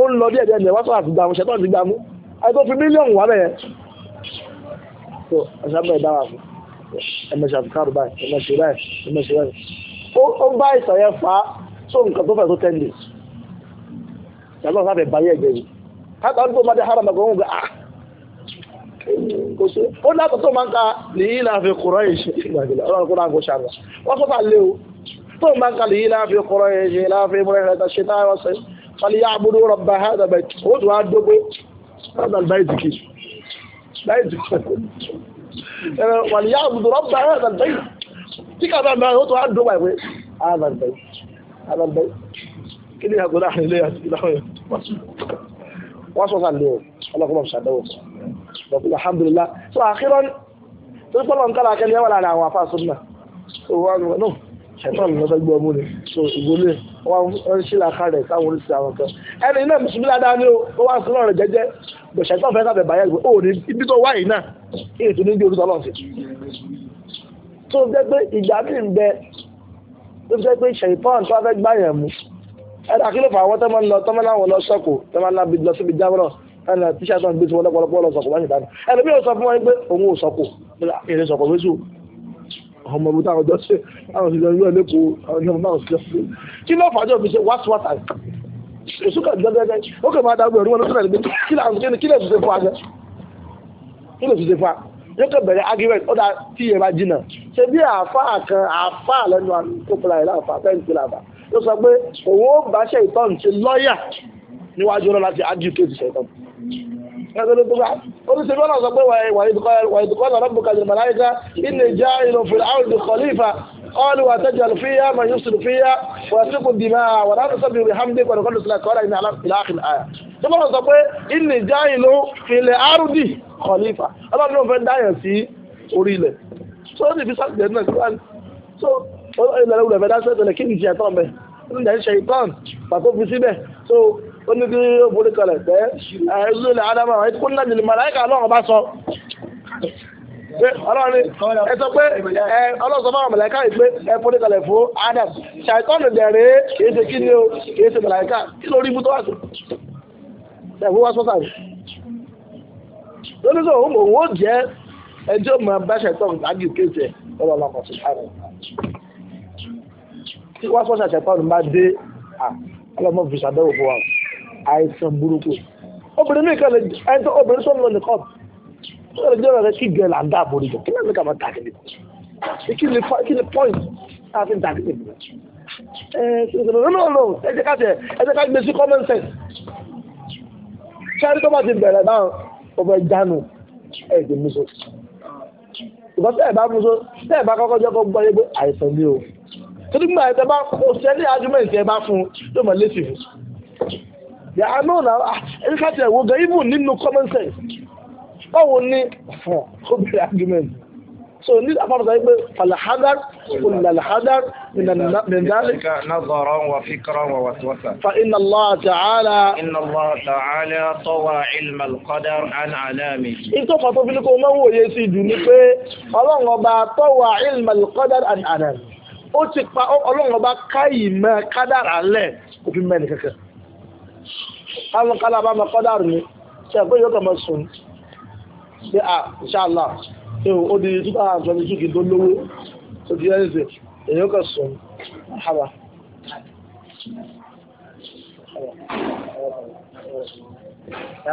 Speaker 1: ó ń lọ díẹ̀ díẹ̀ díẹ̀ wá sọ̀rọ̀ àti gbàmú ṣẹ́tọ́ ti gbàmú àìkó fi mílíọ̀nù wà bẹ̀yẹn tó ẹ̀ṣábẹ̀ dára fún ẹ̀mẹ̀ṣẹ̀ àfikàrù báyìí ẹ̀mẹ̀ṣẹ̀ báyìí ẹ̀mẹ̀ṣẹ̀ báyìí ó bá ìsàn yẹn fà á tó nǹkan tó fẹ̀ tó ten days ṣàlọ́ sábẹ̀ báyé ẹ̀jẹ̀ yìí káàtà ó máa dé haram ẹ̀kọ́ ń gbà á ó ní àtọ̀tọ̀ máa ń ka lèyí láàfin kúrọ̀ yìí ọlọ́run kó náà kó ṣàlọ́ wọ́n kó tà lé o tó máa ń ka lèyí láàfin kúrọ̀ yìí láàfin múlẹ̀ fàlíyà àbúrò rọ̀bà hádà bàìtì ó tún wá dógbó hádà bàìtì kì bàìtì ẹ̀rọ fàlíyà àbúrò rọ̀bà hádà bàìtì tí kàdà náà ó tún wá dógbó àìpé hádà bàìtì hádà bàìtì kí ni àgọ́ láàrin ilé àti ìlànà yẹn wọ́n sọ sàn lé o ọlọ́kùnrin ṣàdánwò alhamdulillah so àkírọ́n tó ń pọ́lọ̀ ń kára akẹ́ni ẹwà láàrin àwọn afáàsùn náà so wọ́n náà ṣẹ̀tọ́ lọ́sọ́gbọ́ ọmú ni so ìgbólé wọ́n ṣí làákà rẹ̀ sáwọn oríṣi àwọn kan ẹni náà mùsùlùmí ládàá ni ó wá sí lọ́rọ̀ jẹ́jẹ́ bẹ̀ṣẹ̀ tó fẹ́ sábẹ̀ báyẹ̀ gbé ó ní ibi tó wáyé náà èyí tó ní bí orúkọ lọ́sẹ̀ tó jẹ́ pé ìgbà mí ń bẹ tó jẹ́ pé ṣèyípọ́n tó fẹ́ gbá yẹn mú ẹ̀dá kí ló fà wọ́n tẹ́mọ́ lọ tọ́mọ́ láwọn lọ sọ́kù tẹ́mọ́ lábi lọ síbi jábọ̀rọ̀ ẹ̀nà tíṣà tó ń gbé tí wọ́n lọ́pọ̀lọpọ̀ lọ sọ̀kù wáyé dáná ẹ̀lẹ́mí ò sọ fún wọn pé òun ò sọ̀kù èrè sọ̀kù lóṣù ọmọ ibi táwọn ọjọ́ ṣe àwọn òṣìṣẹ́ ìlú ẹlẹ́kọ̀ọ́ àwọn ìyẹn náà ṣe ṣe kí ló fàájọ́ fi ṣe wáṣíwáṣà èso kan gẹ́gẹ́ ó kàn máa dágbé ẹ̀rú wọn lọ́sọ̀rọ̀ ẹ̀dẹ́gbẹ́ kí lè ṣiṣẹ́ fún ajẹ́ kí lè ṣiṣẹ́ fún a yóò kàn bẹ̀rẹ̀ argument ọ̀dà tí yẹn bá jìnà ṣe bí àáfàá kan àáfàá lẹ́nu àkókòlá yìí láǹfà fẹ́ǹtì làbà ó sọ pé òun ó bá ṣe ìtọ́ǹtì lọ́ọ̀yà níwájú ọlọ́lá ti argue case ṣe ìtọ́ǹtì oníṣẹ́ bọ́lá sọ pé wàyídùkọ́ lọ́rọ́ bùkà jù màláyíká ilé já ìlú fìlà áwùd kọlífà kọ́ọ̀lù wà tẹ́jà lùfíyà mà yóò sùn fíyà wà síkù dìmà wà láti sọ́bì rẹ̀ hàmdé pẹ̀lú kọ́lù sílẹ̀ kọ́ọ̀lù ìnà ìlàkìn àyà. tó bọ́lá sọ pé ilé já ìlú fìlà áwùd kọlífà ọlọ́run ló fẹ́ dáyàn sí orí ilẹ̀ tó ní fi sàkìlẹ̀ náà síwájú tó ilẹ̀ rẹ̀ fẹ́ dá sẹ́tẹ̀lẹ̀ kí ó ní kí ó borí kalẹ̀ tẹ́ ẹ̀rọ ilẹ̀ adama ẹ̀ kó nílẹ̀ jìnnìmọ̀ láyé ká ọlọ́run bá sọ. ọlọ́run ẹ sọ pé ẹ ọlọ́run sọ fáwọn mọ̀lẹ́ká yìí pé ẹ borí kalẹ̀ fún adam ṣàìtọ́nù dẹ̀rẹ́ kìí ṣe kí ni o kìí ṣe mọ̀lẹ́ká kí lórí ibú tó wà sí. ẹ̀fọ́ wá sọ́sà rẹ̀. lórí sọ òun òun ó jẹ́ ẹjọ́ mọ̀ bá ṣàìtọ́nù àgì kéṣe ọlọ́run ọkọ̀ sí wá sọ́sà ṣàìtọ́nù má dé ọlọ́mọ fi ṣàbẹ̀wò fún wa àìsàn burúkú obìnrin mi kàn lè ẹni tó obìnrin tó ń lọ nìkan tó lè jẹ́ rẹ̀ kí gẹ̀ẹ́lá ń dáàbò rí jọ kí lẹ́nu kàmá tàbí mi kí ni kí ni point láti ń tàbí mi ẹ ẹ no no ẹ jẹ́ ká tẹ ẹ ká gbé common sense sáré tó bá ti bẹ̀rẹ̀ báwọn ọbẹ̀ jánu ẹ̀ ti mú so ìgbà tẹ́ ẹ̀ bá mú so tẹ́ ẹ̀ bá kọ́kọ́ jẹ́ kó gbọ́ yé pé àìsàn ni o torí gbà ẹ̀ tẹ́ bá kó ṣẹ́ ní argument ẹ̀ bá fún un yóò mọ̀ lé fún un yà á náà náà ẹni ká tiẹ̀ wo gan even nínú common sense báwo ni ó bẹ̀rẹ̀ argument so ní àpapọ̀ sáyé pé falahadar olùlàlàhadar nìdálẹ̀. nazara wa fikra wa waswasa. fa inna allah ta'ala. inna allah ta'ala tọwa ilma alqadar an alami. ìtọ́ fàtó fi ni kò máa wòye sí i ní pé ọlọ́run ọba tọwa alqadar an alami. ó ti pa ọlọ́run ọba káyìí mọ́ kádàrá lẹ̀ mẹ́ni kankan káwọn kálá bá máa kọ́dàrú ni ṣe pé yóò kàn máa sùn pé à inshallah ihò ó di two thousand twenty two kì í tó lówó tó di ẹ̀ǹsẹ̀ èyàn kàn sùn àhàbà.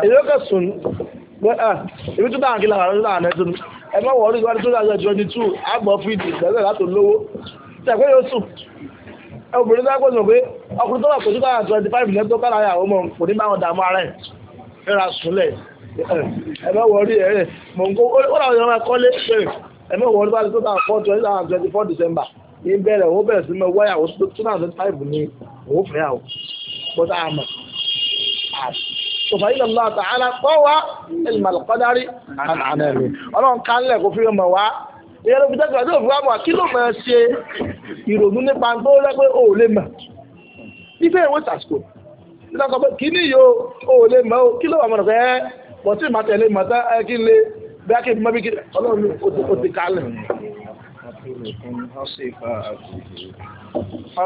Speaker 1: èyàn kàn sùn pé à ibi two thousand kìlà àwọn two thousand ẹ̀ tó ní ẹ má wọ̀ ọ́ ní two thousand twenty two àgbọ̀ fídì ìgbẹ́sẹ̀ látò lówó ọkùnrin tó wà kò sí kára twenty five million tó kára àwọn ọmọ kò ní báwọn dààmú ara ẹ̀ ẹ̀ra súnlẹ̀ ẹ̀mẹ́ wọrí ẹ̀ mọ̀ nǹkó ó làwọn èèyàn máa kọ́lé ẹ̀mẹ́ wọrí bá ti tó tà fọ́ twenty thousand twenty four december ní bẹ̀rẹ̀ òun bẹ̀rẹ̀ sí mọ wáyà òun two thousand twenty five ní òun fẹ́ àwọn bọ́tà àmọ̀ tòfàyí lọ́lá ta'ala kọ́ wa ilmal qadari àná ẹ̀mí ọlọ́run ká ńlẹ̀ kó fi mọ̀ wá ìyẹn ló fi tẹ́tù àti òfin wa kí ló máa ṣe ìrònú nípa tó rẹ́ pé ó ife ìwé sàṣkò nígbà sọ pé kíní yìí ó lè mọ ó kí ló wà mọ̀nà pé ẹ pọ̀ tí màá tẹ̀lé màá tẹ́ kí n lè bí akébi mọ́ bí kí ọlọ́run ó ti kálẹ̀.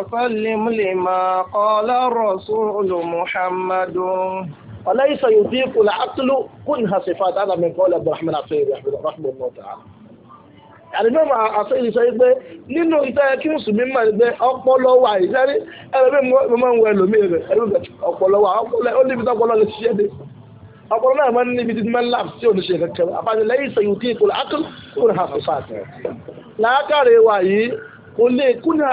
Speaker 1: فسلم لما قال الرسول محمد وليس يضيق العقل كنها صفات هذا من قول عبد الرحمن عفيف رحمه الله تعالى àdìgbò máa àṣọ ìlú sọ pé nínú iṣẹ́ kí mùsùlùmí mà ní pé ọpọlọ wà ìṣẹ́ ní ẹlòmíì mo máa ń wọ ẹlòmíì rẹ̀ ẹlòmíì ọpọlọ wà ọpọlọ ó níbi tí ọpọlọ lè ṣiṣẹ́ dé ọpọlọ náà máa ń níbi tí máa ń láàbù sí kankan wa yìí kò lè kúnni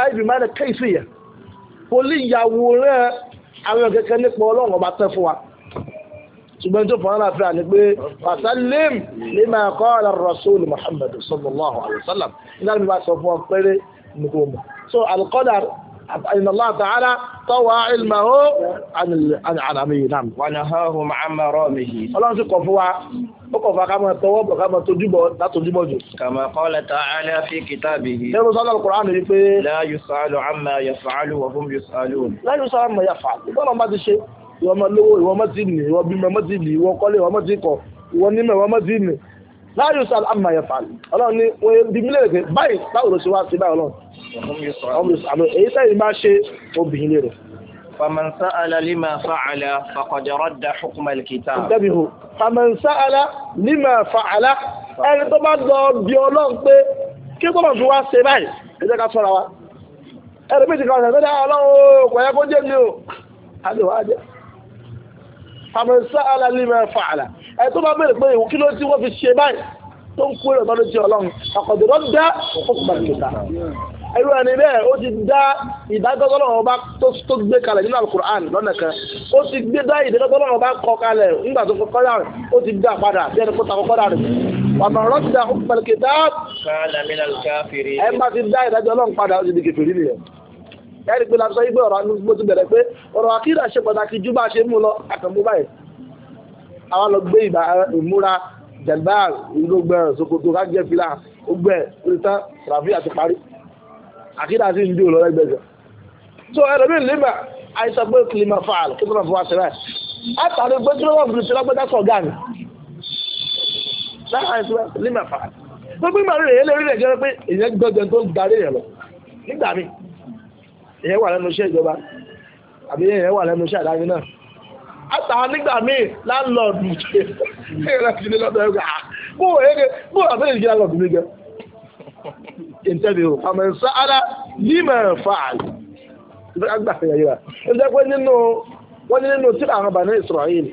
Speaker 1: kò ṣùgbọ́n tó fọ́nrán àfihàn ni pé fasalim lima qala rasul muhammadu sallallahu alayhi wa sallam nígbà tí wọ́n bá sọ fún ọ péré ní kò mọ̀ so alqadar إن الله تعالى طوى علمه عن عن عالمه نعم ونهاهم عن مرامه الله سيقف هو وقف كما توب كما تجب لا تجب كما قال تعالى في كتابه لأنه صلى القرآن يقول لا يسأل عما يفعل وهم يسألون لا يسأل عما يفعل يقول ما هذا الشيء ìwọ ọmọ lówó ìwọ ọmọ tí nì ìwọ bímọ ọmọ tí nì ìwọ kọ́lé ìwọ ọmọ tí kọ̀ ìwọ nímọ̀ ìwọ ọmọ tí nì láàyò sàl àmà yẹn fà ọlọ́run ni wọ́n yẹ bíbí léèrè báyìí báwo ló ṣe wá sí báyìí ọlọ́run àmì èyí sẹ́yìn máa ṣe obìnrin léèrè. فمن سأل لما فعل فقد رد حكم الكتاب. انتبهوا فمن سأل لما فعل ẹni tó bá lọ bí ọlọ́run pé kí tó lọ́n fi wá ṣe báyìí ẹ jẹ́ ká sọ́ra wa ẹni méjì kan ṣe fẹ́ dá ọlọ́run kò yẹ kó jẹ́ mi o. a lè wá jẹ́ àmọ̀sá alálìmọ̀ fàálà ẹ̀ tó bá bẹ̀rẹ̀ pé ìwọ kí ló tí wọ́n fi ṣe báyìí tó ń kú èrò tọ́lú ti ọlọ́run àkọ́dọ̀dọ́ dá òkúta kìtà irú ẹni bẹ́ẹ̀ ó ti dá ìdájọ́tọ́lọ́run ọba tó gbé kalẹ̀ nínú alukur'an lọ́nà kan ó ti gbé dá ìdájọ́tọ́lọ́run ọba kọ kalẹ̀ nígbà tó kọ́kọ́ dà ó ti dá padà bí ẹni kó ta kọ́kọ́ dà rẹ̀ ọ̀nà rọ́ọ̀tì ti dá ìdájọ́tọ́lọ́run padà ó ẹ̀rí pé láti sọ yìí pé ọ̀rọ̀ anú mo ti bẹ̀rẹ̀ pé ọ̀rọ̀ àkídà ṣe pàtàkì ju bá a ṣe mú lọ àtàmú báyìí àwa lọ gbé ìmúra jẹ̀lbá ìgbógbẹ̀ ṣòkòtò kájẹ́ fìlà ogbẹ̀ ìtàn ràfí àti parí àkídà sí ìdí òlọ́rẹ́ gbẹ̀gbẹ̀ so ẹlòmíì lébà àìsàn pé kìlìmọ̀ fàl kí tó náà fọwọ́ ṣẹlẹ̀ àtàrí pé kí ló wà bùrùsì lágbẹ́dá sọ̀ gáà ni láàrín ìṣúra lébà fàl gbogbo ìgbà rẹ̀ èyí lè rí rẹ̀ ìyẹn wà lẹ́nu iṣẹ́ ìjọba àbí ìyẹn wà lẹ́nu iṣẹ́ àdáni náà àtàwọn nígbà míì láńlọ́ọ̀dù ìrẹsìlẹ̀ (laughs) lọ́dọ̀ ẹ̀gbà ah, bó o yẹ bó o àbẹ̀lẹ̀ ìjìnlẹ̀ lọ́dọ̀ mi gẹ. ìtẹ̀bí o àmọ̀ ìsọ ara ní mẹ́rin fàáyì ìgbà fẹ̀yà yìí rà ó jẹ́ pé nínú wọ́n ní nínú tí àwọn bàní Israel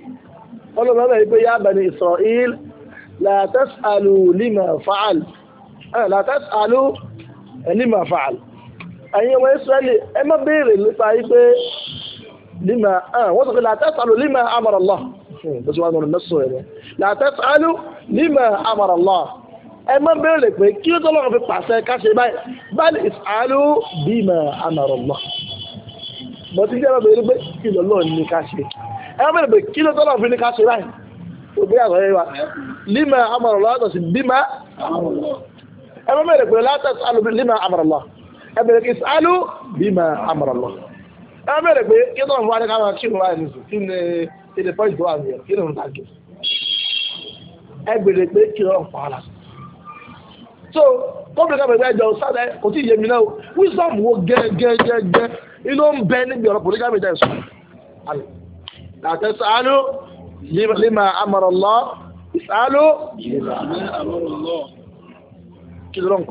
Speaker 1: wọ́n lọ́ mẹ́rin pé yá bàní Israel la tas'alu lima fa'al la tas'alu eh, lima fa'al ẹ̀yin ọmọ Ísírẹ́lì ẹ má béèrè nípa yí pé lima ah, wọ́n sọ pé làtẹ́sàlù lima amarallah bó ti wá nínú mẹ́sàn ẹ̀ làtẹ́sàlù lima amarallah ẹ má béèrè pé kí ló tọ́lọ́ fi pàṣẹ káṣe báyìí báyìí ìsàlù bima amarallah bó ti jẹ́ bàbá yẹn pé kí lọ́lọ́ ní káṣe ẹ má béèrè pé kí ló tọ́lọ́ fi ní káṣe báyìí òbí ẹ bẹ̀rẹ̀ kí sálú bima amara Allah ẹ bẹ̀rẹ̀ pé kí ló ń wá ní ká máa kírun wáyé nìsú kí ni èdè pọ́ìntì tó wà ní ẹ̀ kí ló ń ta kí ẹ bẹ̀rẹ̀ pé kí ló ń pa ara so kọ́bìnrin kan bẹ̀rẹ̀ ẹjọ́ sábẹ́ kò tí ì yé mi náà wisdom wo gẹ́gẹ́gẹ́gẹ́ inú ń bẹ níbi ọ̀rọ̀ pòlígà mi dẹ̀ sùn àlọ́ àtẹ̀sọ́ àlọ́ lima amara Allah ìsàlọ́ kí ló ń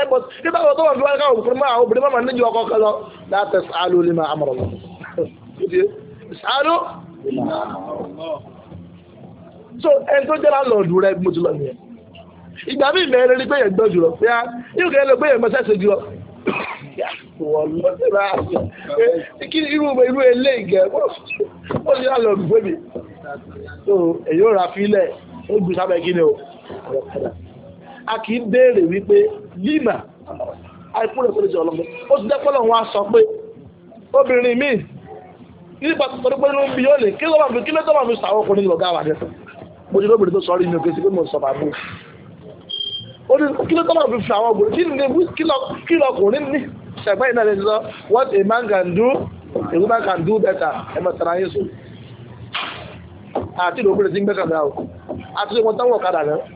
Speaker 1: ẹ bọ̀ nígbà tó wà fún wa káwọn obìnrin máa obìnrin máa níjú ọkọ kan lọ láti sàálù lè máa lọ. sàálù so ẹni tó jẹ́ láńlọ́ọ̀dù rẹ mo ti lọ nìyẹn ìgbà mi ìmẹ̀rẹ̀ ni pé yẹn gbọ́ jùlọ pé yóò kẹ́ ẹ lọ pé yẹn mọ́sẹ̀ ṣe jùlọ. (coughs) Eh, kí irú irú ilé ìgẹ̀ ó ní láńlọ́ọ̀dù fún mi. so èyí ò ra fílẹ̀ ó gbé sábẹ́ kí ni o a kì í béèrè wípé lima àìkú rẹ̀ sọ́dọ̀ ọlọ́mọ ó ti dẹ́pọ̀ lọ́wọ́ wa sọ pé obìnrin mi nípa torí pé inú bí yóò lè kí ló máa fi kí ló tó máa fi sàwọn ọkùnrin lọ́gá wa dẹ́sẹ̀ mo ti lóbìnrin tó sọ rí mi òkè sí pé mo sọ bàbá ó ní kí ló tọ́ máa fi fi àwọn ògùn kí ni kí lọkùnrin ní ṣẹ̀gbẹ́ iná lè sọ what a man can do a woman can do better ẹ mọ̀ tara yín sùn àti ìlú obìnrin ti ń gbẹ́sàdá o àti ìwọ̀n táwọn ọ̀kadà náà.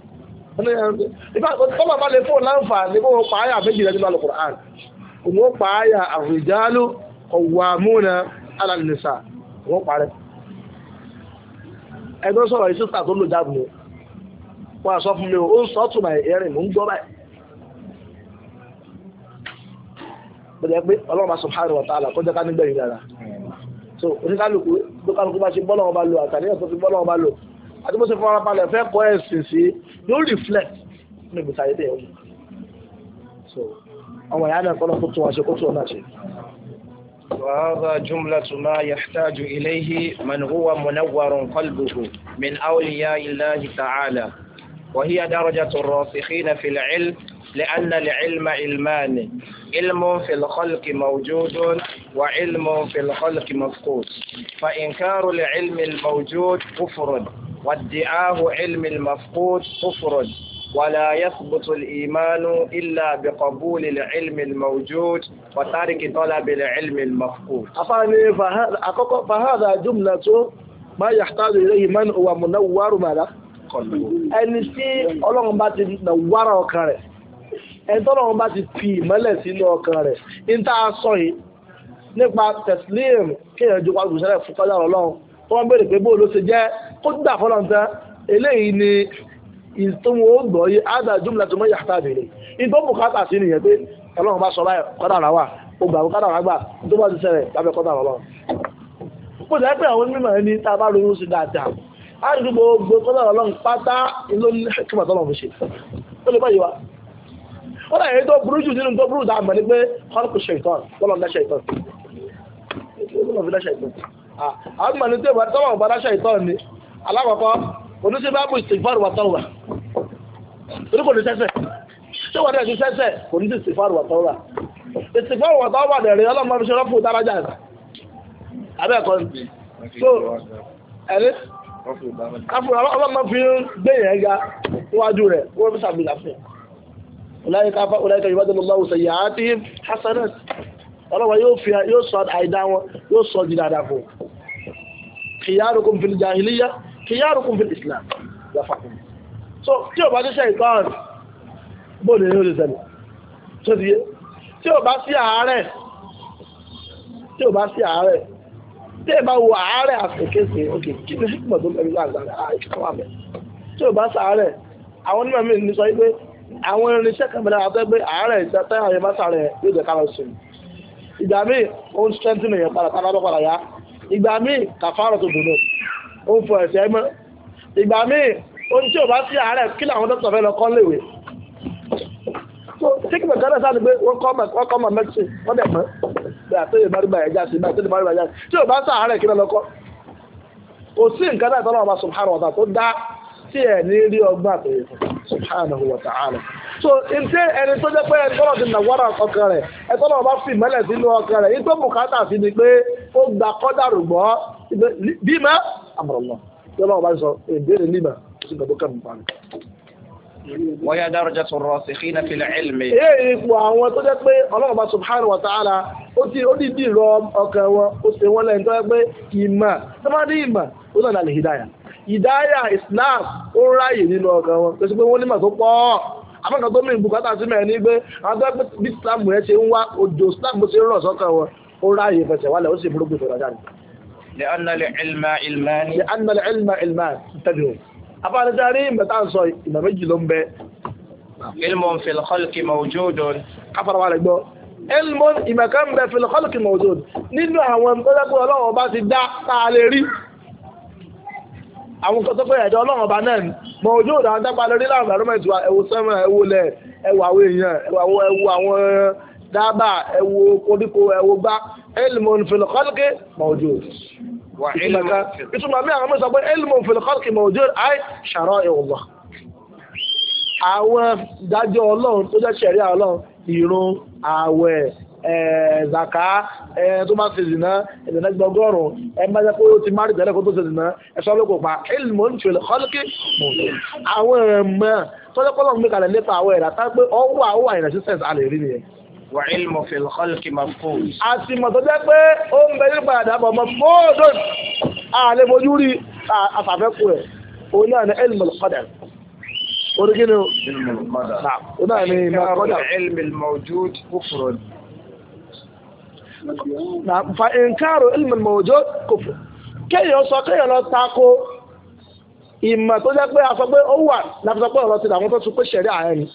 Speaker 1: tọ́lọ̀ bá lè fóònù láǹfààní kó wọ́n pààyà méjì lẹ́nu lálùkù rán òun pààyà àrùjálù ọ̀wàmúnà alànìsà wọ́n parẹ́ ẹgbẹ́ sọ̀rọ̀ yìí sísà tó lò jáàbù mi wọ́n sọ fún mi ó ń sọ́ tùmọ̀ ẹ̀rìn mò ń gbọ́ báyìí bẹ̀rẹ̀ pé ọlọ́run subhanahu wa ta'ala kọjá ká nígbẹ̀yìn dára so oníkálukú bó kálukú bá ṣe bọ́lọ́run bá lò àtàníyàn tó fi bọ́lọ́run bá lò àti bó ṣe farabalẹ̀ fẹ́ kọ́ ẹ̀sìn sí yóò reflect nínú ìgbésí ayé bẹ́ẹ̀ so àwọn ìyá náà kọ́nà kó tún wọn kó tún wọn ṣe. وهذا جملة ما يحتاج إليه من هو منور قلبه من أولياء الله تعالى وهي درجة الراسخين في العلم لأن العلم علمان علم في الخلق موجود وعلم في الخلق مفقود فإنكار العلم الموجود كفر وادعاه علم المفقود كفر ولا يثبت الإيمان إلا بقبول العلم الموجود وترك طلب العلم المفقود أفاني فهذا جملة ما يحتاج إليه من هو منور ماذا؟ أن شيء أولهم باتي نور وكاره ẹ̀ńtọ́nà wọn bá ti fi ìmọ́lẹ̀ sínú ọkàn rẹ̀ níta sọ yìí nípa tẹ̀sílíìm kéèyàn ju pàgùn sẹ́lẹ̀ fún kọjá ọlọ́run tó wọ́n béèrè pé bó ló ṣe jẹ́ kó dà fọ́lọ́ nǹkan eléyìí ni ìtumọ̀ ó gbọ́ yé ádà jùmọ̀lá tó mọ̀ yàtà bèrè ìtọ́ bùkátà sí nìyẹn pé ọlọ́run bá sọ báyìí kọ́dà rà wà ó gbà kọ́dà rà gbà tó bá ti ṣẹlẹ̀ lábẹ́ kọ́dà rà ọlọ́run. kó dà pé àwọn onímọ̀ ó lè yẹ tó burú jù nínú tó burú dáa mọ̀ ní pé kọ́lùkù ṣètọ́n lọ́lọ́ ní ṣètọ́n lọ́lọ́ fi dáṣẹ́ ìtọ́n àwọn mọ̀ ní tí ìwà tọ́wọ̀ bá dáṣẹ́ ìtọ́n ni alákọ̀ọ́kọ́ oníṣẹ́ bá bù ìsìnfàrù wà tọ́wà torí kò ní sẹ́sẹ̀ tí wọ́n dẹ̀ ti sẹ́sẹ̀ kò ní sí ìsìnfàrù wà tọ́wà wà tọ́wà dẹ̀ rí ọlọ́mọ fi ṣe rọ́pù dárájà rẹ̀ ọláyíká ọláyíká yubadilullahu sayyi'atihim hasanat ọlọ́wọ́ yóò fi yóò sọ àìdá wọn yóò sọ di dáadáa fún khiyarukum fil jahiliya khiyarukum fil islam lọ́fà so tí o bá ṣiṣẹ́ ìtọ́rùn bóòlù yóò lè ṣẹlẹ̀ tó ti yé tí o bá sí àárẹ̀ tí o bá sí àárẹ̀ tí o bá wo àárẹ̀ àfẹ̀kẹ́sẹ̀ ok kí ni ṣùgbọ́n tó ń bẹ̀rù láàrín àárẹ̀ tí o bá sí àwọn onímọ̀ mi ní sọ pé àwọn irinṣẹ́ kan bẹ̀rẹ̀ àwọn tẹ́gbẹ́ àárẹ̀ ìṣẹ́ tẹ́yà yẹn bá sàrẹ̀ yóò jẹ́ kára sùn ìgbà míì ó ń strengthen yẹn padà tábà bọ́ padà yá ìgbà míì kàfàrọ̀ tó dùn náà ó ń fọ ẹ̀sẹ̀ mọ́ ìgbà míì ohun tí ò bá sí àárẹ̀ kí làwọn dókítà fẹ́ lọ kọ́ léwe so tíkì mẹ̀kọ́ náà sáà ni pé wọ́n kọ́ wọ́n kọ́ mọ̀ mẹ́tì wọ́n dẹ̀ mọ́ bí àtẹ́yẹ mọ́rìbà yẹn jáde bí àtẹ́yẹ mọ́rìbà yẹn jáde tí ò bá sí àárẹ̀ kí lọ lọ kọ́ tí ẹ̀ ní rí ọgbà tó yẹ subhanahu wa ta'ala. so nṣe ẹni tó jẹ́ pé ẹni tọ́lọ̀ ti nàwárà ọkàn rẹ̀ ẹni tọ́lọ̀ bá fi ìmọ́lẹ̀ sínú ọkàn rẹ̀ yìí tó bùkátà sí ni pé ó gba kọ́dàrú gbọ́ bí mẹ́ àmọ̀rọ̀lọ́ yọlọ́ ọba sọ ìbéèrè nígbà tó sì gbàgbọ́ kàn nípa rẹ̀. wọ́n yá dárọ̀jà tó rọ̀ sí kíná fi ilmi. ee ipò àwọn tó jẹ́ pé ọlọ́run bá subhanahu wa ta'ala ó ti ó dìdí rọ ọkàn wọn ó ṣe wọn lẹ́yìn tó jẹ́ pé ìmọ̀ tó bá dé ìmọ̀ ó náà ìdáyà Islam ó ráyè nínú ọkàn wọn tó ṣe pé wọ́n nímọ̀ tó pọ̀ àmọ́kàn tó mìíràn bùkátà sí mẹ́rin ní pé àwọn tó pé bí Islam rẹ̀ ṣe ń wá òjò Islam bó ṣe ń rọ̀ sọ́kàn wọn ó ráyè fẹsẹ̀ wálẹ̀ ó sì burúkú ìfẹ́ ọ̀dà ni. لأن العلم علمان لأن العلم علمان انتبهوا أبانا تاريم بتانسوا إما مجلهم به علم في الخلق موجود كفر عليك بو علم إما كان في الخلق موجود نينو هوان قلقوا الله وباسي دا تعالي àwọn nǹkan tó pé ẹ̀dá ọlọ́run ọba náà ni mọ ojú òdà àwọn dápá lórí láwọn ìgbàlódé mẹ́tò ẹ̀wò sẹ́mọ̀ ẹ̀wò lẹ̀ ẹ̀wò àwọn èèyàn ẹ̀wò àwọn dábà ẹ̀wò koríko ẹ̀wò gbá elmon filokọ́lùkì mọ ojú òdà. ìtumọ̀ mi àwọn mẹ́sàn pé elmon filokọ́lùkì mọ ojú òdà àì ṣàrọ̀ ìwọ̀lọ̀. àwọn ìdájọ́ ọlọ́run tó jẹ́ ṣẹ̀rí ọlọ́run ìrun ààwẹ̀ zaka tó bá ṣe zina ìdènà gbọgọrùn ẹ má jẹ kó o ti má rí tẹ́lẹ̀ kó tó ṣe zina ẹ sọ lóko pa ilmu ń tìrẹ kọlùkì àwọn ẹ̀mọ́ tọ́jọ́ kọ́lọ́ mi kalẹ̀ nípa àwọn ẹ̀dá tá pé ọwọ́ àwọn àyìnà sí sẹ́ǹsì alẹ́ rí nìyẹn. wà ilmu fi kọlùkì máa fò. àti mọ̀ jẹ́ pé ó ń bẹ nípa àdàbọ̀ mọ́ fóòdò àlẹ́ mojú rí ilmu kọ́dà orí ilmu kọ́dà. náà ilmu kọ́dà. ilmu fa nkaaro ilmu mawjud kufr kéèyàn sọ kéèyàn lọ tako ìmọ̀ tó jẹ́ pé a sọ pé ó wà láti sọ pé ọ̀rọ̀ ti làwọn tó tún pé ṣẹ̀rí ààrẹ ni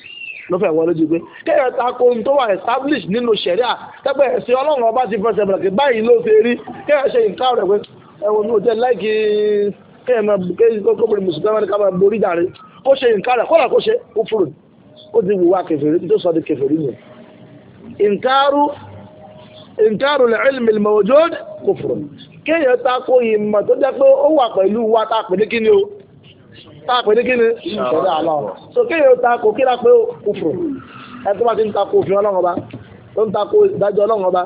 Speaker 1: ló fẹ́ wọlé ju pé kéèyàn tako ohun tó wà establish nínú ṣẹ̀rí à tẹ́pẹ́ ẹ̀sìn ọlọ́run ọba ti fẹsẹ̀ bẹ̀rẹ̀ pé báyìí ló ṣe rí kéèyàn ṣe nǹkan rẹ̀ pé ẹ̀wọ̀n mi ò jẹ́ láìkí kéèyàn máa kéèyàn tó kókòrò mùsùlùmí ká máa borí dàrí kó ṣe nǹkan rẹ̀ kọ́nà kó ṣe kó fúrò ó ti wùwà kèfèrí tó sọ di kèfèrí nìyẹn nǹkan ìkárò lè ilmi mawjud kufru kéèyàn ta kó ìmọ̀ tó jẹ́ pé ó wà pẹ̀lú wa tá a pè ní kíni o tá a pè ní kíni ìṣẹ̀dá àlọ́ so kéèyàn ta kó kíra pé kufru ẹ tó bá ti ń ta kó òfin ọlọ́run ọba tó ń ta kó ìdájọ́ ọlọ́run ọba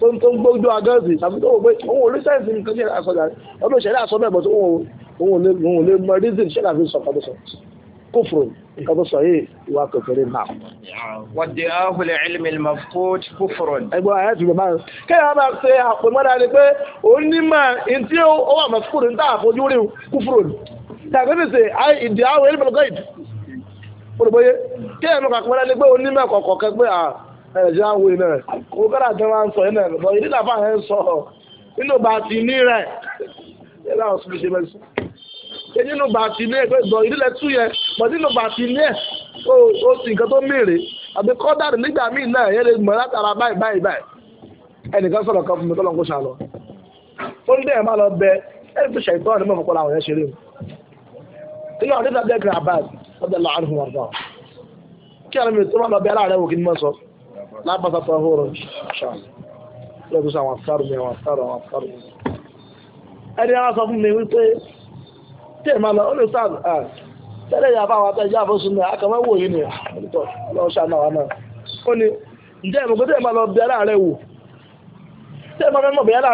Speaker 1: tó ń tó ń gbójú agẹ́sì tàbí tó wọ́n pé òun ò rí sẹ́ǹsì nǹkan ṣe àṣọ jàre ọdún ìṣẹ̀dá àṣọ bẹ́ẹ̀ bọ̀ tó òun ò lè mọ rízìn ṣẹ̀dá fi sọ̀kọ́ tó sọ̀rọ̀. كفر كذا صحيح وكفر نعم وادعاه العلم المفقود كفر ايوا هاتي بما كي انا سي ما مفقود انت كفر اي الغيب ẹ̀jẹ̀ àwọn kò sọ lọ́wọ́ ìdílé àfáà sọ bá ti ní rẹ̀ ẹ̀ láwọn ṣe mẹ́sàn-án. ṣe nínú bàtì ilé ẹgbẹ́ ìgbọ̀ ìdílé tú yẹ mọ̀ nínú bàtì ilé ẹ̀ ó sì nǹkan tó mèrè àbí kọ́dàrú nígbà míì náà ẹ̀yẹ́ lè mọ̀ látara báyìí báyìí báyìí ẹnìkan sọ̀rọ̀ kan fún mi tọ́lọ́ kó ṣà lọ. ó ní dẹ́yẹ̀ máa lọ bẹ ẹni tó ṣàìtọ́ ni mọ̀fọ́kọ́ làwọn yẹn ṣe rí o. ilé ọ̀dẹ́ tàbí ẹ̀kẹ́ Abbas ọ̀dẹ́ làwọn àdúgbò wọn bá wọn. kí ẹni mi tó máa lọ bẹ ara rẹ wò kí ni mo sọ lábàtà tó hóró ṣáà lọ́dún sọ àwọn àfárùn mi àwọn tẹ́ ẹ̀ lọ ó lè sáà tẹ́lẹ̀ yà bá wa tẹ́ ìyá wò yìí ni àlùtọ́ lọ́ọ́ṣà náà wà náà ó ní ǹjẹ́ ìmọ̀ pé tẹ́ lọ bí ara wò fẹ́ mọ̀ bí ara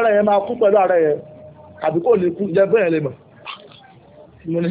Speaker 1: àbí kò kú jẹ́ bẹ́ẹ̀ lè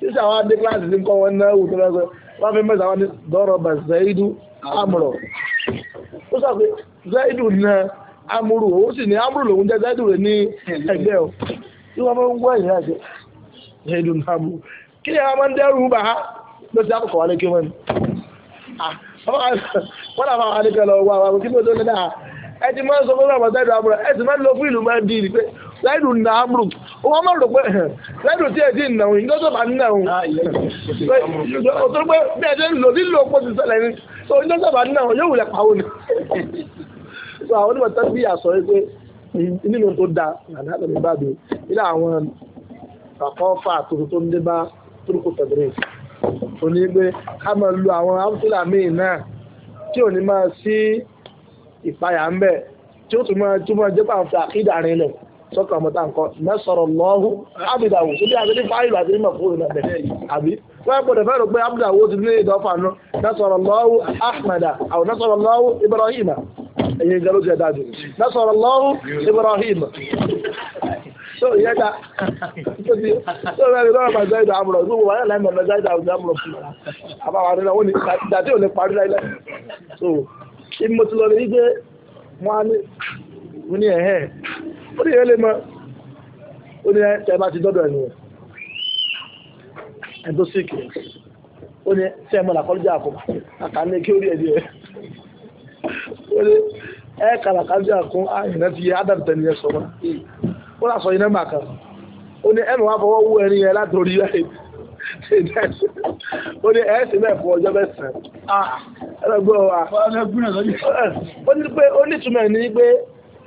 Speaker 1: tíṣà wa dé kíláàsì sí kọ́ wọn náà wù tó lọ́sọ wọ́n fi mẹ́sàn-án ní dọ́rọ̀bà zaidu amúrọ̀ ó sọ pé zaidu na amúrù òun sì ní amúrù lòun jẹ́ zaidu rẹ̀ ní ẹgbẹ́ o tí wọ́n fẹ́ ń wọ́ ìyá àjẹ́ zaidu na amúrù kí ni àwọn máa ń dẹ́rù bá a ló ti àkọ́kọ́ wálé kí wọ́n ní. wọ́n náà máa wà ní kẹlẹ́ ọgbà àwọn kí ló dé ẹ ti máa ń sọ fún ọmọ zaidu amúrù ẹ ti máa ń lọ fún ìlú máa ń di ìdí pé zaidu na amúrù wọ́n mọ̀ rò pé lẹ́nu tí ẹ ti nà òun ìjọ́ tó bá nà òun ah, òtún pé bí ẹ ti ń lò nílò oko ti ṣẹlẹ̀ ni tó ìjọ́ tó bá nà òun yóò wulẹ̀ pàwọ́ ni. (laughs) so àwọn onímọ̀ tẹ́lẹ̀ bí àṣọ yìí pé nínú tó da nàdá lómi bá mi nílẹ̀ àwọn àkọ́fà tuntun tó ń dé bá turuku tẹ̀dẹ̀rẹ̀ tó ní pé ká máa lu àwọn amúsílà míì náà tí ò ní máa sí ìpayà ńbẹ tí ó tún máa jẹ́ pàǹfà àkídà rìn lẹ̀ sọ́kà ọmọdé nǹkan mẹ́sọ̀rọ̀ lọ́hùn ábìdàwò síbi àbíní fáìlì àti nímọ̀ fún ìlànà bẹ̀rẹ̀ àbí wọ́n yẹ gbọ́dọ̀ fẹ́ràn pé ábìdàwò ti lé ìdọ́fà nù mẹ́sọ̀rọ̀ lọ́hùn ahmada àwọn mẹ́sọ̀rọ̀ lọ́hùn ibrahima èyí ń galóòtú ẹ̀dá àjò mẹ́sọ̀rọ̀ lọ́hùn ibrahima so ìyẹn ta so ti so bẹ́ẹ̀ ni lọ́rọ̀ màjá ìdá àmúrọ̀ ìgbó wà láì mọ̀ màjá ìdá àmúrọ̀ fún wa àbáwá nínú àwọn ìdàtí ò ní parí láìláì so ìmọ̀tìlọ́ni yìí gbé wọn á ní ẹ̀hẹ́ ó ní ilé mọ́ ó ní ẹ bá ti dọ́dọ̀ ẹnu ẹ̀ tó sì kìí ó ní ṣe é mọ́ làkọ́lùjà àkọ́ àkà ní kí ó rí ẹ̀ díẹ̀ ó ní ẹ kà làkọ́lùjà àkọ́ àyìnbá ti yẹ ádàm tẹ̀lé ẹ sọ́mọ́ ó lásọ yìí nẹ́mbà kan ó ní ẹnu wà fọwọ́ wú ẹni yẹn láti orí ó ní ẹ̀ sì fún ọjọ́ mẹ́sàn-án ah, ẹ̀rọ gbọ́ ah. wa ó ní pé ó ní pé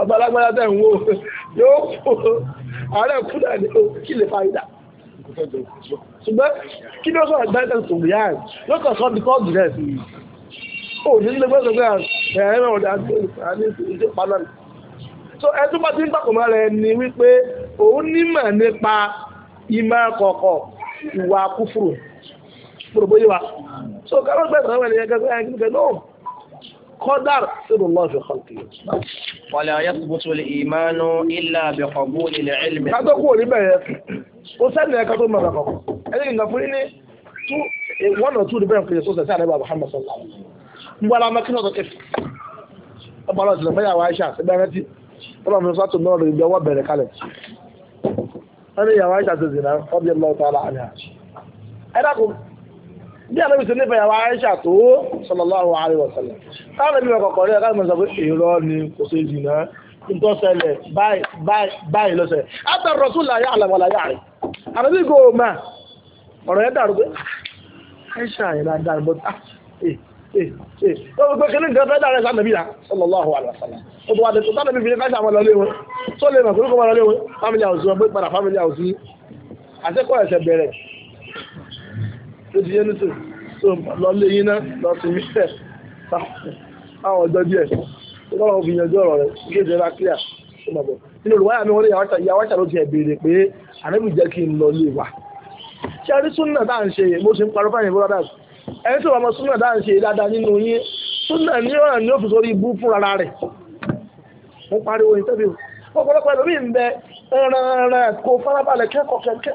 Speaker 1: ọ̀bálágbára tẹ̀ ń wo yóò fò ààrẹ kú náà ní o kí lè fàyídà ṣùgbọ́n kí ni ó sọ̀rọ̀ gbẹ́tẹ̀ sòrò yá ẹ̀ yóò kàn sọ́ bí kọ́ọ̀dù rẹ̀ sí i ó ní ilé gbẹ́sọ̀ pé ẹ̀rẹ́ mẹ́wọ̀n dá sí ìpàdé ìdí ìpàdé so ẹ tó bá ti ń pàkó mọ́ra ẹni wípé òun nímọ̀ nípa ìmọ̀ kọ̀ọ̀kọ̀ ìwà kúfùrù kúrò bóyá wa so kárọ̀ gbẹ́sọ̀ mẹ́wọ̀n ẹni qadar sirrullah fi khalqihi. wala yasbutu al-imanu illa bi qabuli al-ilm. kátó kú òní bẹ́ẹ̀ o sẹ́ni ẹ̀ka tó mọ̀ kankan ẹni nǹkan fún ní two one or two different places ó sẹ̀sẹ̀ àdébà Muhammad sallallahu alayhi wa sallam. ń bọ́ alámọ́ kí lọ́dọ̀ kẹfì ọba ọlọ́dún lọ́mọ yàwó Aisha ẹgbẹ́ rántí ọlọ́run mi sọ́tún náà rèé bí ọwọ́ bẹ̀rẹ̀ kalẹ̀ ẹni yàwó Aisha ti zìnà ọbẹ̀ lọ́tọ̀ ara àná ẹ dákun bí àlọ́ ìṣẹ̀lẹ̀ fẹ̀yà wa Aisha tó sallallahu alaihi wasallam táwọn ẹbí wọn kọ̀kọ̀ rí ẹ̀ka ìmọ̀ sọ pé èrò ni kò ṣe jìnnà ntọ́sẹ̀lẹ̀ báyìí lọ́sẹ̀ àtà rọ̀tún làyà àlàmọ̀là yà rẹ̀ àbẹ̀bí gò mà ọ̀rọ̀ yẹn dàrú pé ah, Aisha yẹn náà dàrú bọ́ tá ẹ̀ ẹ̀ ẹ̀ ó gbé kíní nǹkan fẹ́ dàrẹ́ sá nàbí la sallallahu alaihi wasallam ó bọ̀ wá dé tó tá nàbí fi ká sàmọ́ lọ léwu tó lè mà kúrúkú tó ti yé nísìn so lọlé yín náà lọ sí àwọn ọjọ́ díẹ̀ tó bá wọn fi yanjú ọ̀rọ̀ rẹ̀ kí èdè bá clear tó máa bọ̀ nínú olùwáyà mi wọn ní ìyàwó àṣà ti ẹ̀ béèrè pé jẹ́ kí n lọ ṣé ẹni súnà ṣe mo ń parọ́ ẹni tó wàá mọ súnà ṣe dáadáa nínú yín súnà ní ní òfin sórí ibú rẹ̀ mo pariwo ìtẹ́bí ọ̀pọ̀lọpọ̀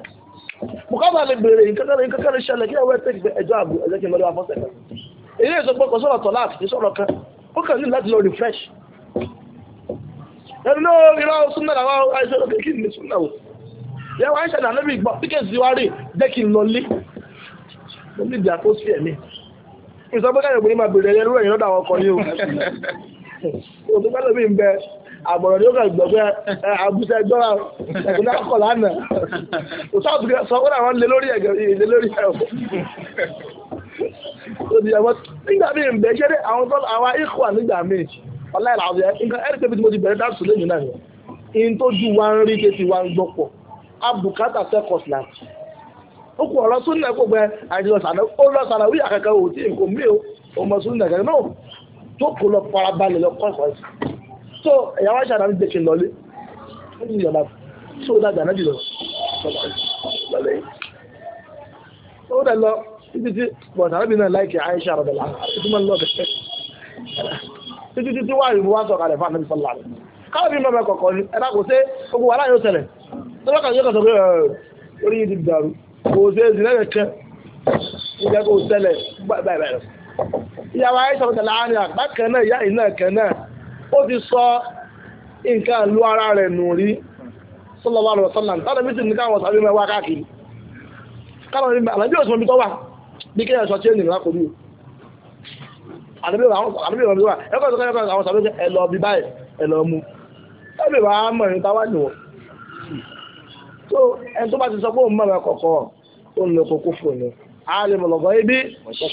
Speaker 1: bùkátà lè béèrè nǹkan kan lè ṣẹlẹ̀ kí ẹ̀wọ́ ẹ̀ tẹ́kì pé àbò ẹ̀jẹ̀ kí n lọ́dọ̀ afọ́sẹ̀ kan èyí èso pé kò sọ̀rọ̀ tọ̀lá àti sọ̀rọ̀ kan ó kàn ní láti lọ refresh ẹnu náà súnmọ́ lókè kí súnmọ́ yẹ wọ́n wa jẹ́ kí n lọ lé mo ní ìdí máa bèrè ẹ̀yẹ (laughs) àbọ̀rọ̀ ni ó kàn gbọ́ pé àbúṣe gbọ́ra ẹ̀kúnlá kọ̀ lánàá òṣàbùkì sọ pé àwọn lè lórí ẹ̀gẹ̀ ìdè lórí ẹ̀rọ olùyàwó nígbà míì ń bẹ ṣé dé àwọn tó àwọn ikọ̀ wà nígbà míì ọ̀la ìlà àwọn nǹkan ẹ̀rí pé bí mo ti bẹ̀rẹ̀ dá sùn lẹ́yìn náà ni in tó ju wa ń rí tètè wa ń gbọ́ pọ̀ abùkátà second láti ó kù ọ̀rọ̀ súnà kò gbẹ àìsàn ó lọ sànà o ò mọ súnà kankan náà tó kò lọ farabalẹ̀ lọ so ìyàwó àṣà náà ń gbèsè lọlé ó ní ìyàwó so dájà náà jùlọ lọlé ó dẹ̀ lọ títí tí bọ̀dà àbí náà láìkì àìṣà rẹ̀ dọ̀là àti mọ́ lọ́ọ̀dẹ̀ títí tí wàá ìwọ wá sọ̀rọ̀ àlẹ́ fún àmì sọ̀lá rẹ̀ káwọn bí mọ̀mọ́ kọ̀ọ̀kan ni ẹ̀dá kò sé gbogbo wàhálà yóò ṣẹlẹ̀ tọ́lá kan yóò kàn sọ pé orí yìí ti dàrú kò sé èsì lẹ́yìn kẹ́ ìjẹ́ kò ṣẹlẹ̀ báyìí báyìí ìyàwó àìṣà rẹ̀ dọ̀là àbákan náà ìyá ìnáà kan náà ó ti sọ nǹkan lu ara rẹ̀ nù rí sallallahu alaihi wasallam tánà bí sì ní káwọn sàbí mẹ́wàá káàkiri káwọn ní àlàbí òsùn omi tó wà bí kí ẹ̀sọ́ tí ó nìyàn lákòóbí àlàbí òsùn omi tó wà ẹ̀kọ́ ìsọ́kọ́ ẹ̀kọ́ àwọn sàbí ẹ̀ lọ bí báyìí ẹ̀ lọ mú ẹ̀bẹ̀ bá mọ̀ ní táwa nìwọ̀ tó ẹni tó bá ti sọ pé òun mọ̀ mẹ́ kọ̀kọ́ ó ń lo kókó fún ni alim lọ́gọ́ ibi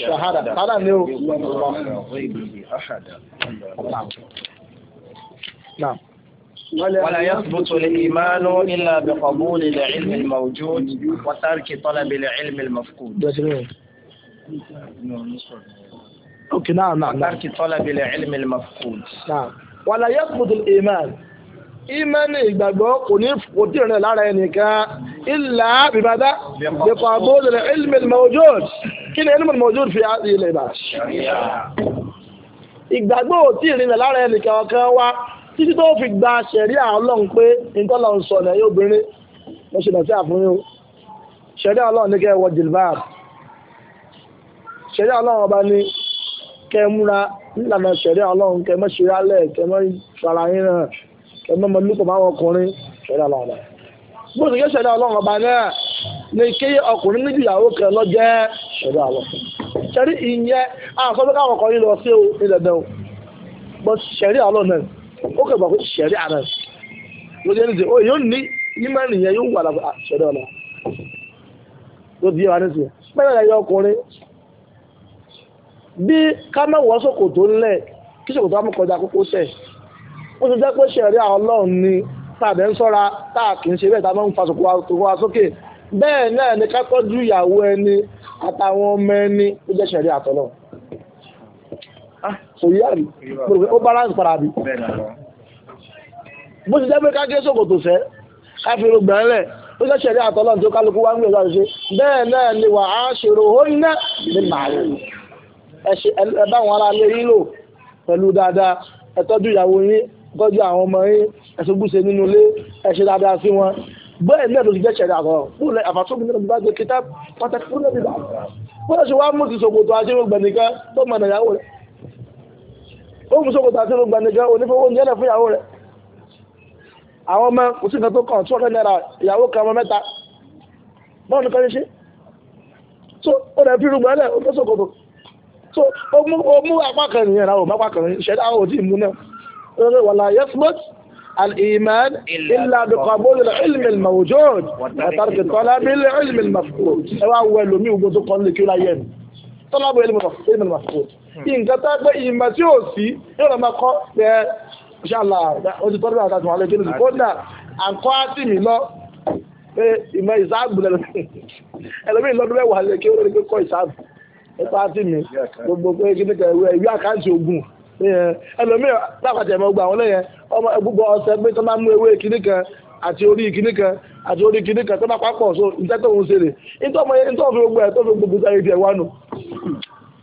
Speaker 1: ṣàhádà tádà ní o. نعم ولا يثبت الإيمان إلا بقبول العلم الموجود وترك طلب العلم المفقود أوكي نعم نعم وترك طلب العلم المفقود نعم ولا يثبت الإيمان ìmánì ìgbàgbọ́ kò ní kò tí ì rìn lára ẹnìkan ìlà bìbàdà bìkọ́ àbóòdìrẹ̀ ilmil mawjud kí ni ilmil mawjud fi ilẹ̀ ìbà. ìgbàgbọ́ ò tí ì rìn lára ẹnìkan ọ̀kan wá títí tó fi gba ṣẹ̀ríà ọlọ́run pé nǹkan lọ́n sọ ọ̀nà yóò bínrin mo ṣe dọ̀tí àfúnyín o ṣẹ̀ríà ọlọ́run ní kẹ́ ẹ wọ jìlbáàb ṣẹ̀ríà ọlọ́run ọba ní kẹ́ ẹ múra nílànà ṣẹ̀ríà ọlọ́run kẹ́ ẹ mọ́ ṣe rálẹ̀ kẹ́ ẹ mọ́ fara yín hàn kẹ́ ẹ mọ́ lùpọ̀ máwọn ọkùnrin ṣẹ̀ríà ọlọ́run ọba bó ṣe jẹ́ ṣẹ̀ríà ọlọ́run ọba náà ní kí ọkùnrin méjì ìyàwó kan lọ jẹ́ ṣẹ̀ríà ọlọ́run ṣẹ̀rí ìyẹn àwọn sọ́dọ́ káwọn ọkùnrin lọ sí ilẹ̀ dẹ̀ o bó ṣẹ̀ríà ọlọ́run náà ó kẹ̀gbọ́n pé ṣẹ̀rí àná ló jẹ́ nídìí ó yóò ní yímọ̀ nìyẹn yóò wà lápá ṣẹ̀rí ọ̀la ló di wa nísìnyẹn bẹ́ẹ̀ náà yọ ọkùnrin bí kámẹ́wọ̀ ṣòkòtò ńlẹ̀ kí ṣòkòtò amúkọjá kókó sẹ̀ ó ti jẹ́ pé ṣẹ̀rí ọlọ́run ni tàbí ń sọ́ra tá a kì í ṣe bẹ́ẹ̀ tá a máa ń fa ṣòkòtò wa sókè bẹ́ẹ̀ náà ni ká tọ́jú ìyàwó ẹni àtàwọn ọmọ ẹni ó jẹ́ ṣẹ̀rí àtọ́lọ́run Ah, sòyíyàrí ó balance para bí. bó ti jẹ́ pé ká gé sòkòtò sẹ́ ká fi rògbà ńlẹ̀ ó ṣe ṣẹ̀rí àtọ́lọ́n tó kálukú wá ń gbé ìwádìí ṣe bẹ́ẹ̀ náà ni wà á ṣèrò ó ná ní màálù ẹ bá àwọn ará ilé yín lò pẹ̀lú dáadáa ẹ tọ́jú ìyàwó yín tọ́jú àwọn ọmọ yín ẹ ṣogúnṣe nínú ilé ẹ ṣe dáadáa sí wọn bẹ́ẹ̀ ti jẹ́ ṣẹ̀rí àtọ́lọ́n fún àfàṣọ́gun nínú ìbáṣe kíta pàtàkì ó mú sókòtò àti irun gbàndégan onífowó ní ẹlẹ fún ìyàwó rẹ̀ àwọn ọmọ kò sí nǹkan tó kàn two hundred naira ìyàwó kan ọmọ mẹ́ta bọ́ọ̀lù kan ní ṣe so ó lè fi irun gbàlẹ̀ ó ó mú ó mú apá kan nìyẹn náà ó má apá kan nìyẹn ṣẹ̀dá ó ti mú náà ó láyé smart. الإيمان إلا بقبول العلم الموجود وترك طلب العلم المفقود أول nǹkan tó pé ìmọ̀ tí ò sí yóò lọ kọ́ ẹ ṣàlà ojú tọ́jú àti àtúnwá lè kéde kódà à mi lọ pé ìmọ̀ ìsáàbù lẹ́nu ẹlòmíì lọ́dún mẹ́wàá lè kí ó lórí kíkọ́ ìsáàbù nípa àti mi gbogbo pé kí kẹ̀wé ìwé àkáǹtì ogun ẹ̀mọ́ gba gbogbo ọ̀sẹ̀ pé tó máa mú ewé kíní kan àti orí kíní kan àti orí kíní kan tó bá pápọ̀ so ìtẹ́tọ̀ òun ṣe gbogbo ẹ̀ tó fi gbogbo ìdí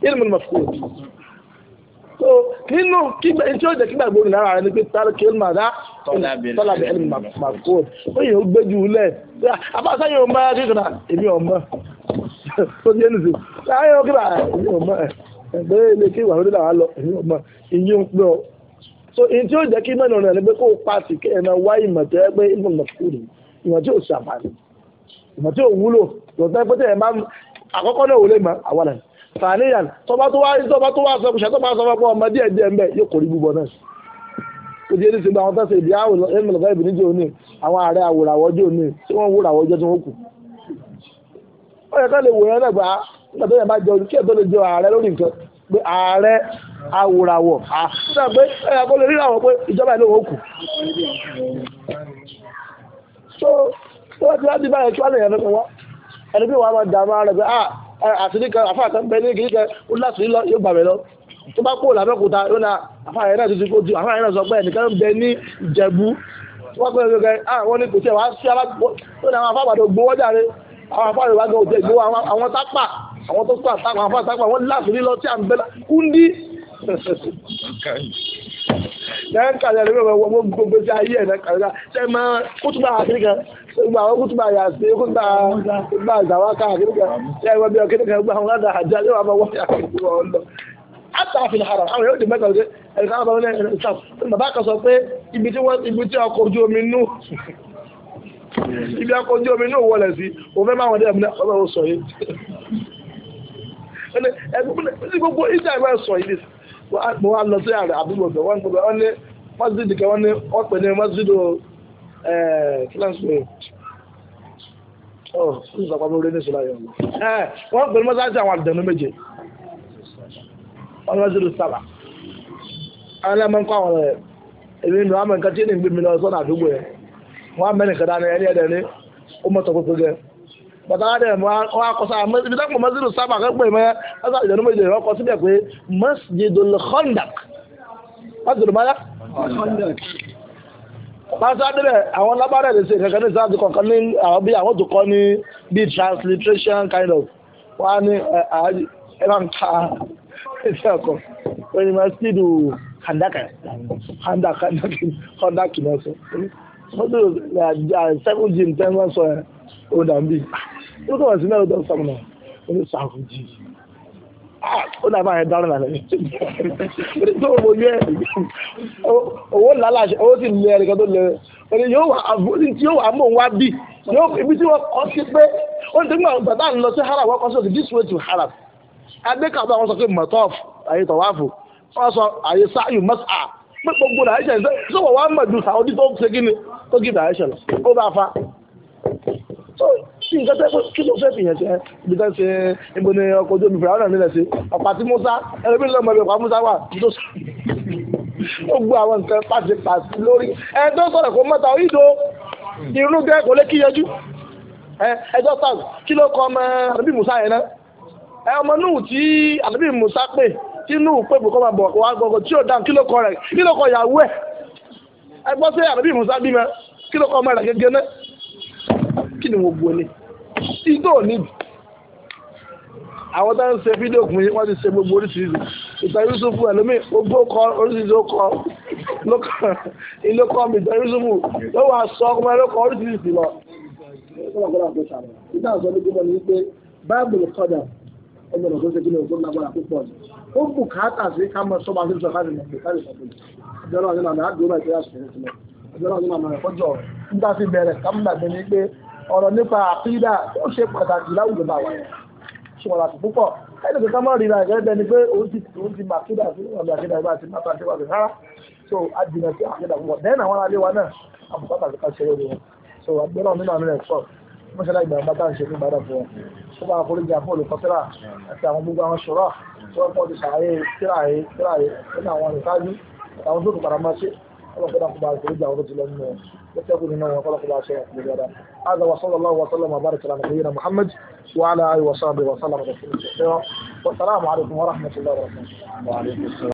Speaker 1: ilmu mafkud so nínú kígbà tí ó jẹ kígbà gbòòrò ara ni pé tálíkì ilmu àdá tọ́lábì ilmu mafkud ó yẹ ó gbé jù lẹ̀ abáṣá yóò mọ ẹ kíkọ́ra èmi ò mọ tó ti yẹn nìsí láyé ó kíkọ́ra èmi ò mọ ẹ ẹgbẹ́ ilé kí ìwà lórí làwọn lọ èmi ò o so èyí tí ni o pa sí ilmu ìmọ̀ tí ò ìmọ̀ tí ò wúlò ẹ̀ máa àkọ́kọ́ náà wọlé sàníyàn tọba tó wá tọba tó wá sọkùsà tọba sọ fún ọmọ díẹ̀ díẹ̀ mbẹ yóò kórì búbọ náà ojú ẹni ti gba àwọn tẹsán ìdí àwọn ẹnìmọlọgá ìbìnrin jẹ òní àwọn ààrẹ àwòràwọ jẹ òní tí wọn wúràwọ jẹ tí wọn kù. ó yẹ ká lè wòran náà gbà nígbà tó yẹ bá jẹ olùkí ẹ̀tọ́ lè jẹ ààrẹ lórí nǹkan pé ààrẹ àwòràwọ àṣà pé ẹyà kó lè rí àwọn pé ìjọba ìlú wọn kù. so wọ́n ti wá di báyìí kí wọ́n lè yẹn fẹ́ fún wọn ẹni pé wọ́n á máa dààmú ara rẹ̀ pé ah Eh, àṣírí kan àfa àtàn bẹ ní kìíní kan ó láṣìírí lọ yóò gbà mí lọ tó bá kúrò lábẹ́òkúta yóò na àfa àyẹ̀ náà ti ti kó ju àfa àyẹ̀ náà sọ pé ẹnìkan ń bẹ ní ìjẹ̀bú tó bá kúrò lórí kan ah wọ́n ní kò tiẹ̀ wá sí alágbó yóò na àwọn afá àbàdàn gbowó jáde àwọn afá àyẹ̀ wá gan òjò ìgbowó àwọn tápà àwọn tó sọ àtàkùn àwọn afá àtàkùn àwọn láṣìírí lọ tí à ń bẹ kúndí. (laughs) náà kàlẹ́ ẹ̀rọ ìwọ̀n wọ́n gbogbo sí ayé ẹ̀ náà kàlẹ́ ṣe máa kútùbà àkíníkan gbogbo àwọn kútùbà yàtí kútùbà kútùbà àzàwákà àkíníkan ṣe ìwọ̀n bí ọkíníkan gbogbo àwọn ládàá àjá yóò wà máa wọ́n yà kúrò ọ̀lọ́ ata fi hara àwọn yóò di mẹ́ta ọdẹ ẹnìkan àbá wọn ẹnìkan sàm bàbá kan sọ pé ibi tí wọn ibi tí ọkọ̀ ojú omi nù ibi ọkọ̀ ojú omi nù wọlé sí òun fẹ́ máa wọn dé ẹ̀mí náà ọlọ́run sọ yìí ẹgbẹ́ gbogbo ìjà ìwé sọ yìí mo wá lọ sí àrẹ àdúgbò bẹ̀ wọ́n gbọ́dọ̀ wọ́n ní mọ́sídìí kẹ́ wọ́n ní wọ́n pè ní mọ́sídìí kílẹ̀nsì ọ̀ ṣùgbọ́n ìsọ̀pá mi rí ní ìṣúná yẹn wọ́n pè ní mọ́sáàsì àwọn àdìdẹ̀nu méje wọ́n ní mọ́sídìí sábà àwọn ẹlẹ́mọ̀ ń kọ́ àwọn èmi ni wọ́n á mọ nǹkan tí gbé mi lọ sọ́nà àdúgbò yẹn wọ́n á mẹ́rin ni ẹni ẹ̀dẹ̀ bàtà wà dẹ̀ wọ́n akọ́sá ibi tá kò mọ́sídìí ló sábà kẹ́pẹ́ mẹ́ ẹ́sà ìjọba méje wọ́n kọ́ síbẹ̀ pé Masjidul Khandaq Masjidul mọ́lá. pàṣẹ adébẹ̀ àwọn lábàárẹ̀ lè ṣe kankan ní sáàtì kankan ní àwọn bí àwọn tó ní bí transliteration kind of wọ́n á ní ẹ máa ń ka ẹsẹ̀ ọkọ̀ wọ́n ní Masjidul Khandaq Khandaq Khandaq Khandaq náà sọ́dọ̀ sẹ́kùjì ní tẹ́wọ́n sọ ẹ̀ eh, ó dà ń kọ̀ sí mẹ́rin tó ń sọ̀rọ̀ ó ní sàkùjì ah, ó dà máa yẹ dáná nà lẹ́yìn tó o yẹ owó lálàṣẹ owó sì lé ẹnìkan tó lé ẹ yóò wà àbúrò tí yóò wà mọ̀ wá bì yóò ibi tí wọ́n kọ́ pé ó ní tẹ́gbà bàtà lọ sí haram wọ́n kọ́ sí òsì this way to haram adékàbọ̀ àwọn sọ pé mọ̀tọ́f àyè tọ̀wáfù wọ́n sọ àyè sáyù mọ́sà pé gbogbo nàìjíríà sọ̀wọ́ wa mọ̀ ju sàwọ́dí tó ń ṣe kí ni tó give direction ó bá fa so sí nǹkan tẹ́ pé kí ló fẹ́ fìyàn jẹ́ ibi tẹ́ ṣe ibo ni ọkọ̀ ojú omi fìlà ọ̀nà nílẹ̀ sí ọ̀pá tí Musa ẹlẹ́bí ló mọ̀ bí ọ̀pá Musa wà tó sọ ó gbọ́ àwọn nǹkan pàṣẹ pàṣẹ lórí ẹ tó sọ̀rọ̀ kó mọ́ta ìdó irú gẹ́ kò lè kíyẹjú ẹjọ́ sáà kí ló kọ ọmọ àdúbì Musa yẹn náà ẹ ọmọ nù tí àdúbì Musa pè tí nù pè kó máa bọ̀ wá gbọ̀ngàn tí ò dáhùn kí ló kọ rẹ̀ kí ló kọ ìyàwó ẹ̀ ẹ gbọ́ sí àbẹ̀bí musa bímọ kí ló kọ́ ọmọ rẹ̀ gẹ́gẹ́ náà kí ni mo gbọ́ ni ìdó níbi àwọn tó ń ṣe fídíò kùn yín wọ́n ti ṣe gbogbo oríṣiríṣi ìtàn yusufu ẹlòmíì ogbó kọ oríṣiríṣi ó kọ ilé kọ mi ìtàn yusufu ló wàá sọ ọkọ ẹlò kọ oríṣiríṣi lọ. ìtàn sọ ní gbogbo ni wípé báàbù kọjá ọmọ ìrọ̀kọ́ ṣe kí ni òkú lágbára ó bùkátà sí ká mọ sọ́ba sí sọ́kárì mọ̀ sọ́kárì sọ́kárì ìjọba ọ̀sẹ̀ náà àdúró náà ìjọba ọ̀sẹ̀ náà ìjọba ọ̀sẹ̀ náà ìfọ́jọ́ nígbà tí bẹ̀rẹ̀ kámúdàgbé ni pé ọ̀rọ̀ nípa àkídà ó ṣe pàtàkì láwùjọ bá wà ṣe pàtàkì púpọ̀ ẹni kò ká mọ̀ rírà ẹ̀gẹ́ bẹ́ẹ̀ ni pé òun ti òun ti màkídà sí ọ̀dọ̀ àkídà ìbá àti mátà àti wàbẹ̀ rárá so àjìnà sí àkídà púpọ̀ bẹ́ẹ̀ náà wọn alẹ́ wa náà àbùkátà sí ká ṣe lórí wọn so àgbẹ̀rọ̀ nínú àmì rẹ̀ sọ̀rọ̀ mọ́ṣálá ìgbà bá táà ń ṣe ní ìbára fún wọn tó bá kórè jà fún olùkọ́tìrà àti àwọn gbogbo àwọn ṣọ́ra tó wọ́n pọ̀ ti ṣàárè tíráyé tíráyé nínú àwọn ìsáájú àtàwọn tó kò padà máa ṣe ọlọ́kọ́dà kò bá kórè jà ọdún ti lọ nínú ó tẹ́kù nínú wọn kọ́lọ́kọ́ bá ṣe ẹ̀kú dáadáa. هذا وصلى الله وسلم وبارك على نبينا محمد وعلى اله وصحبه وسلم والسلام عليكم ورحمه الله وبركاته. وعليكم السلام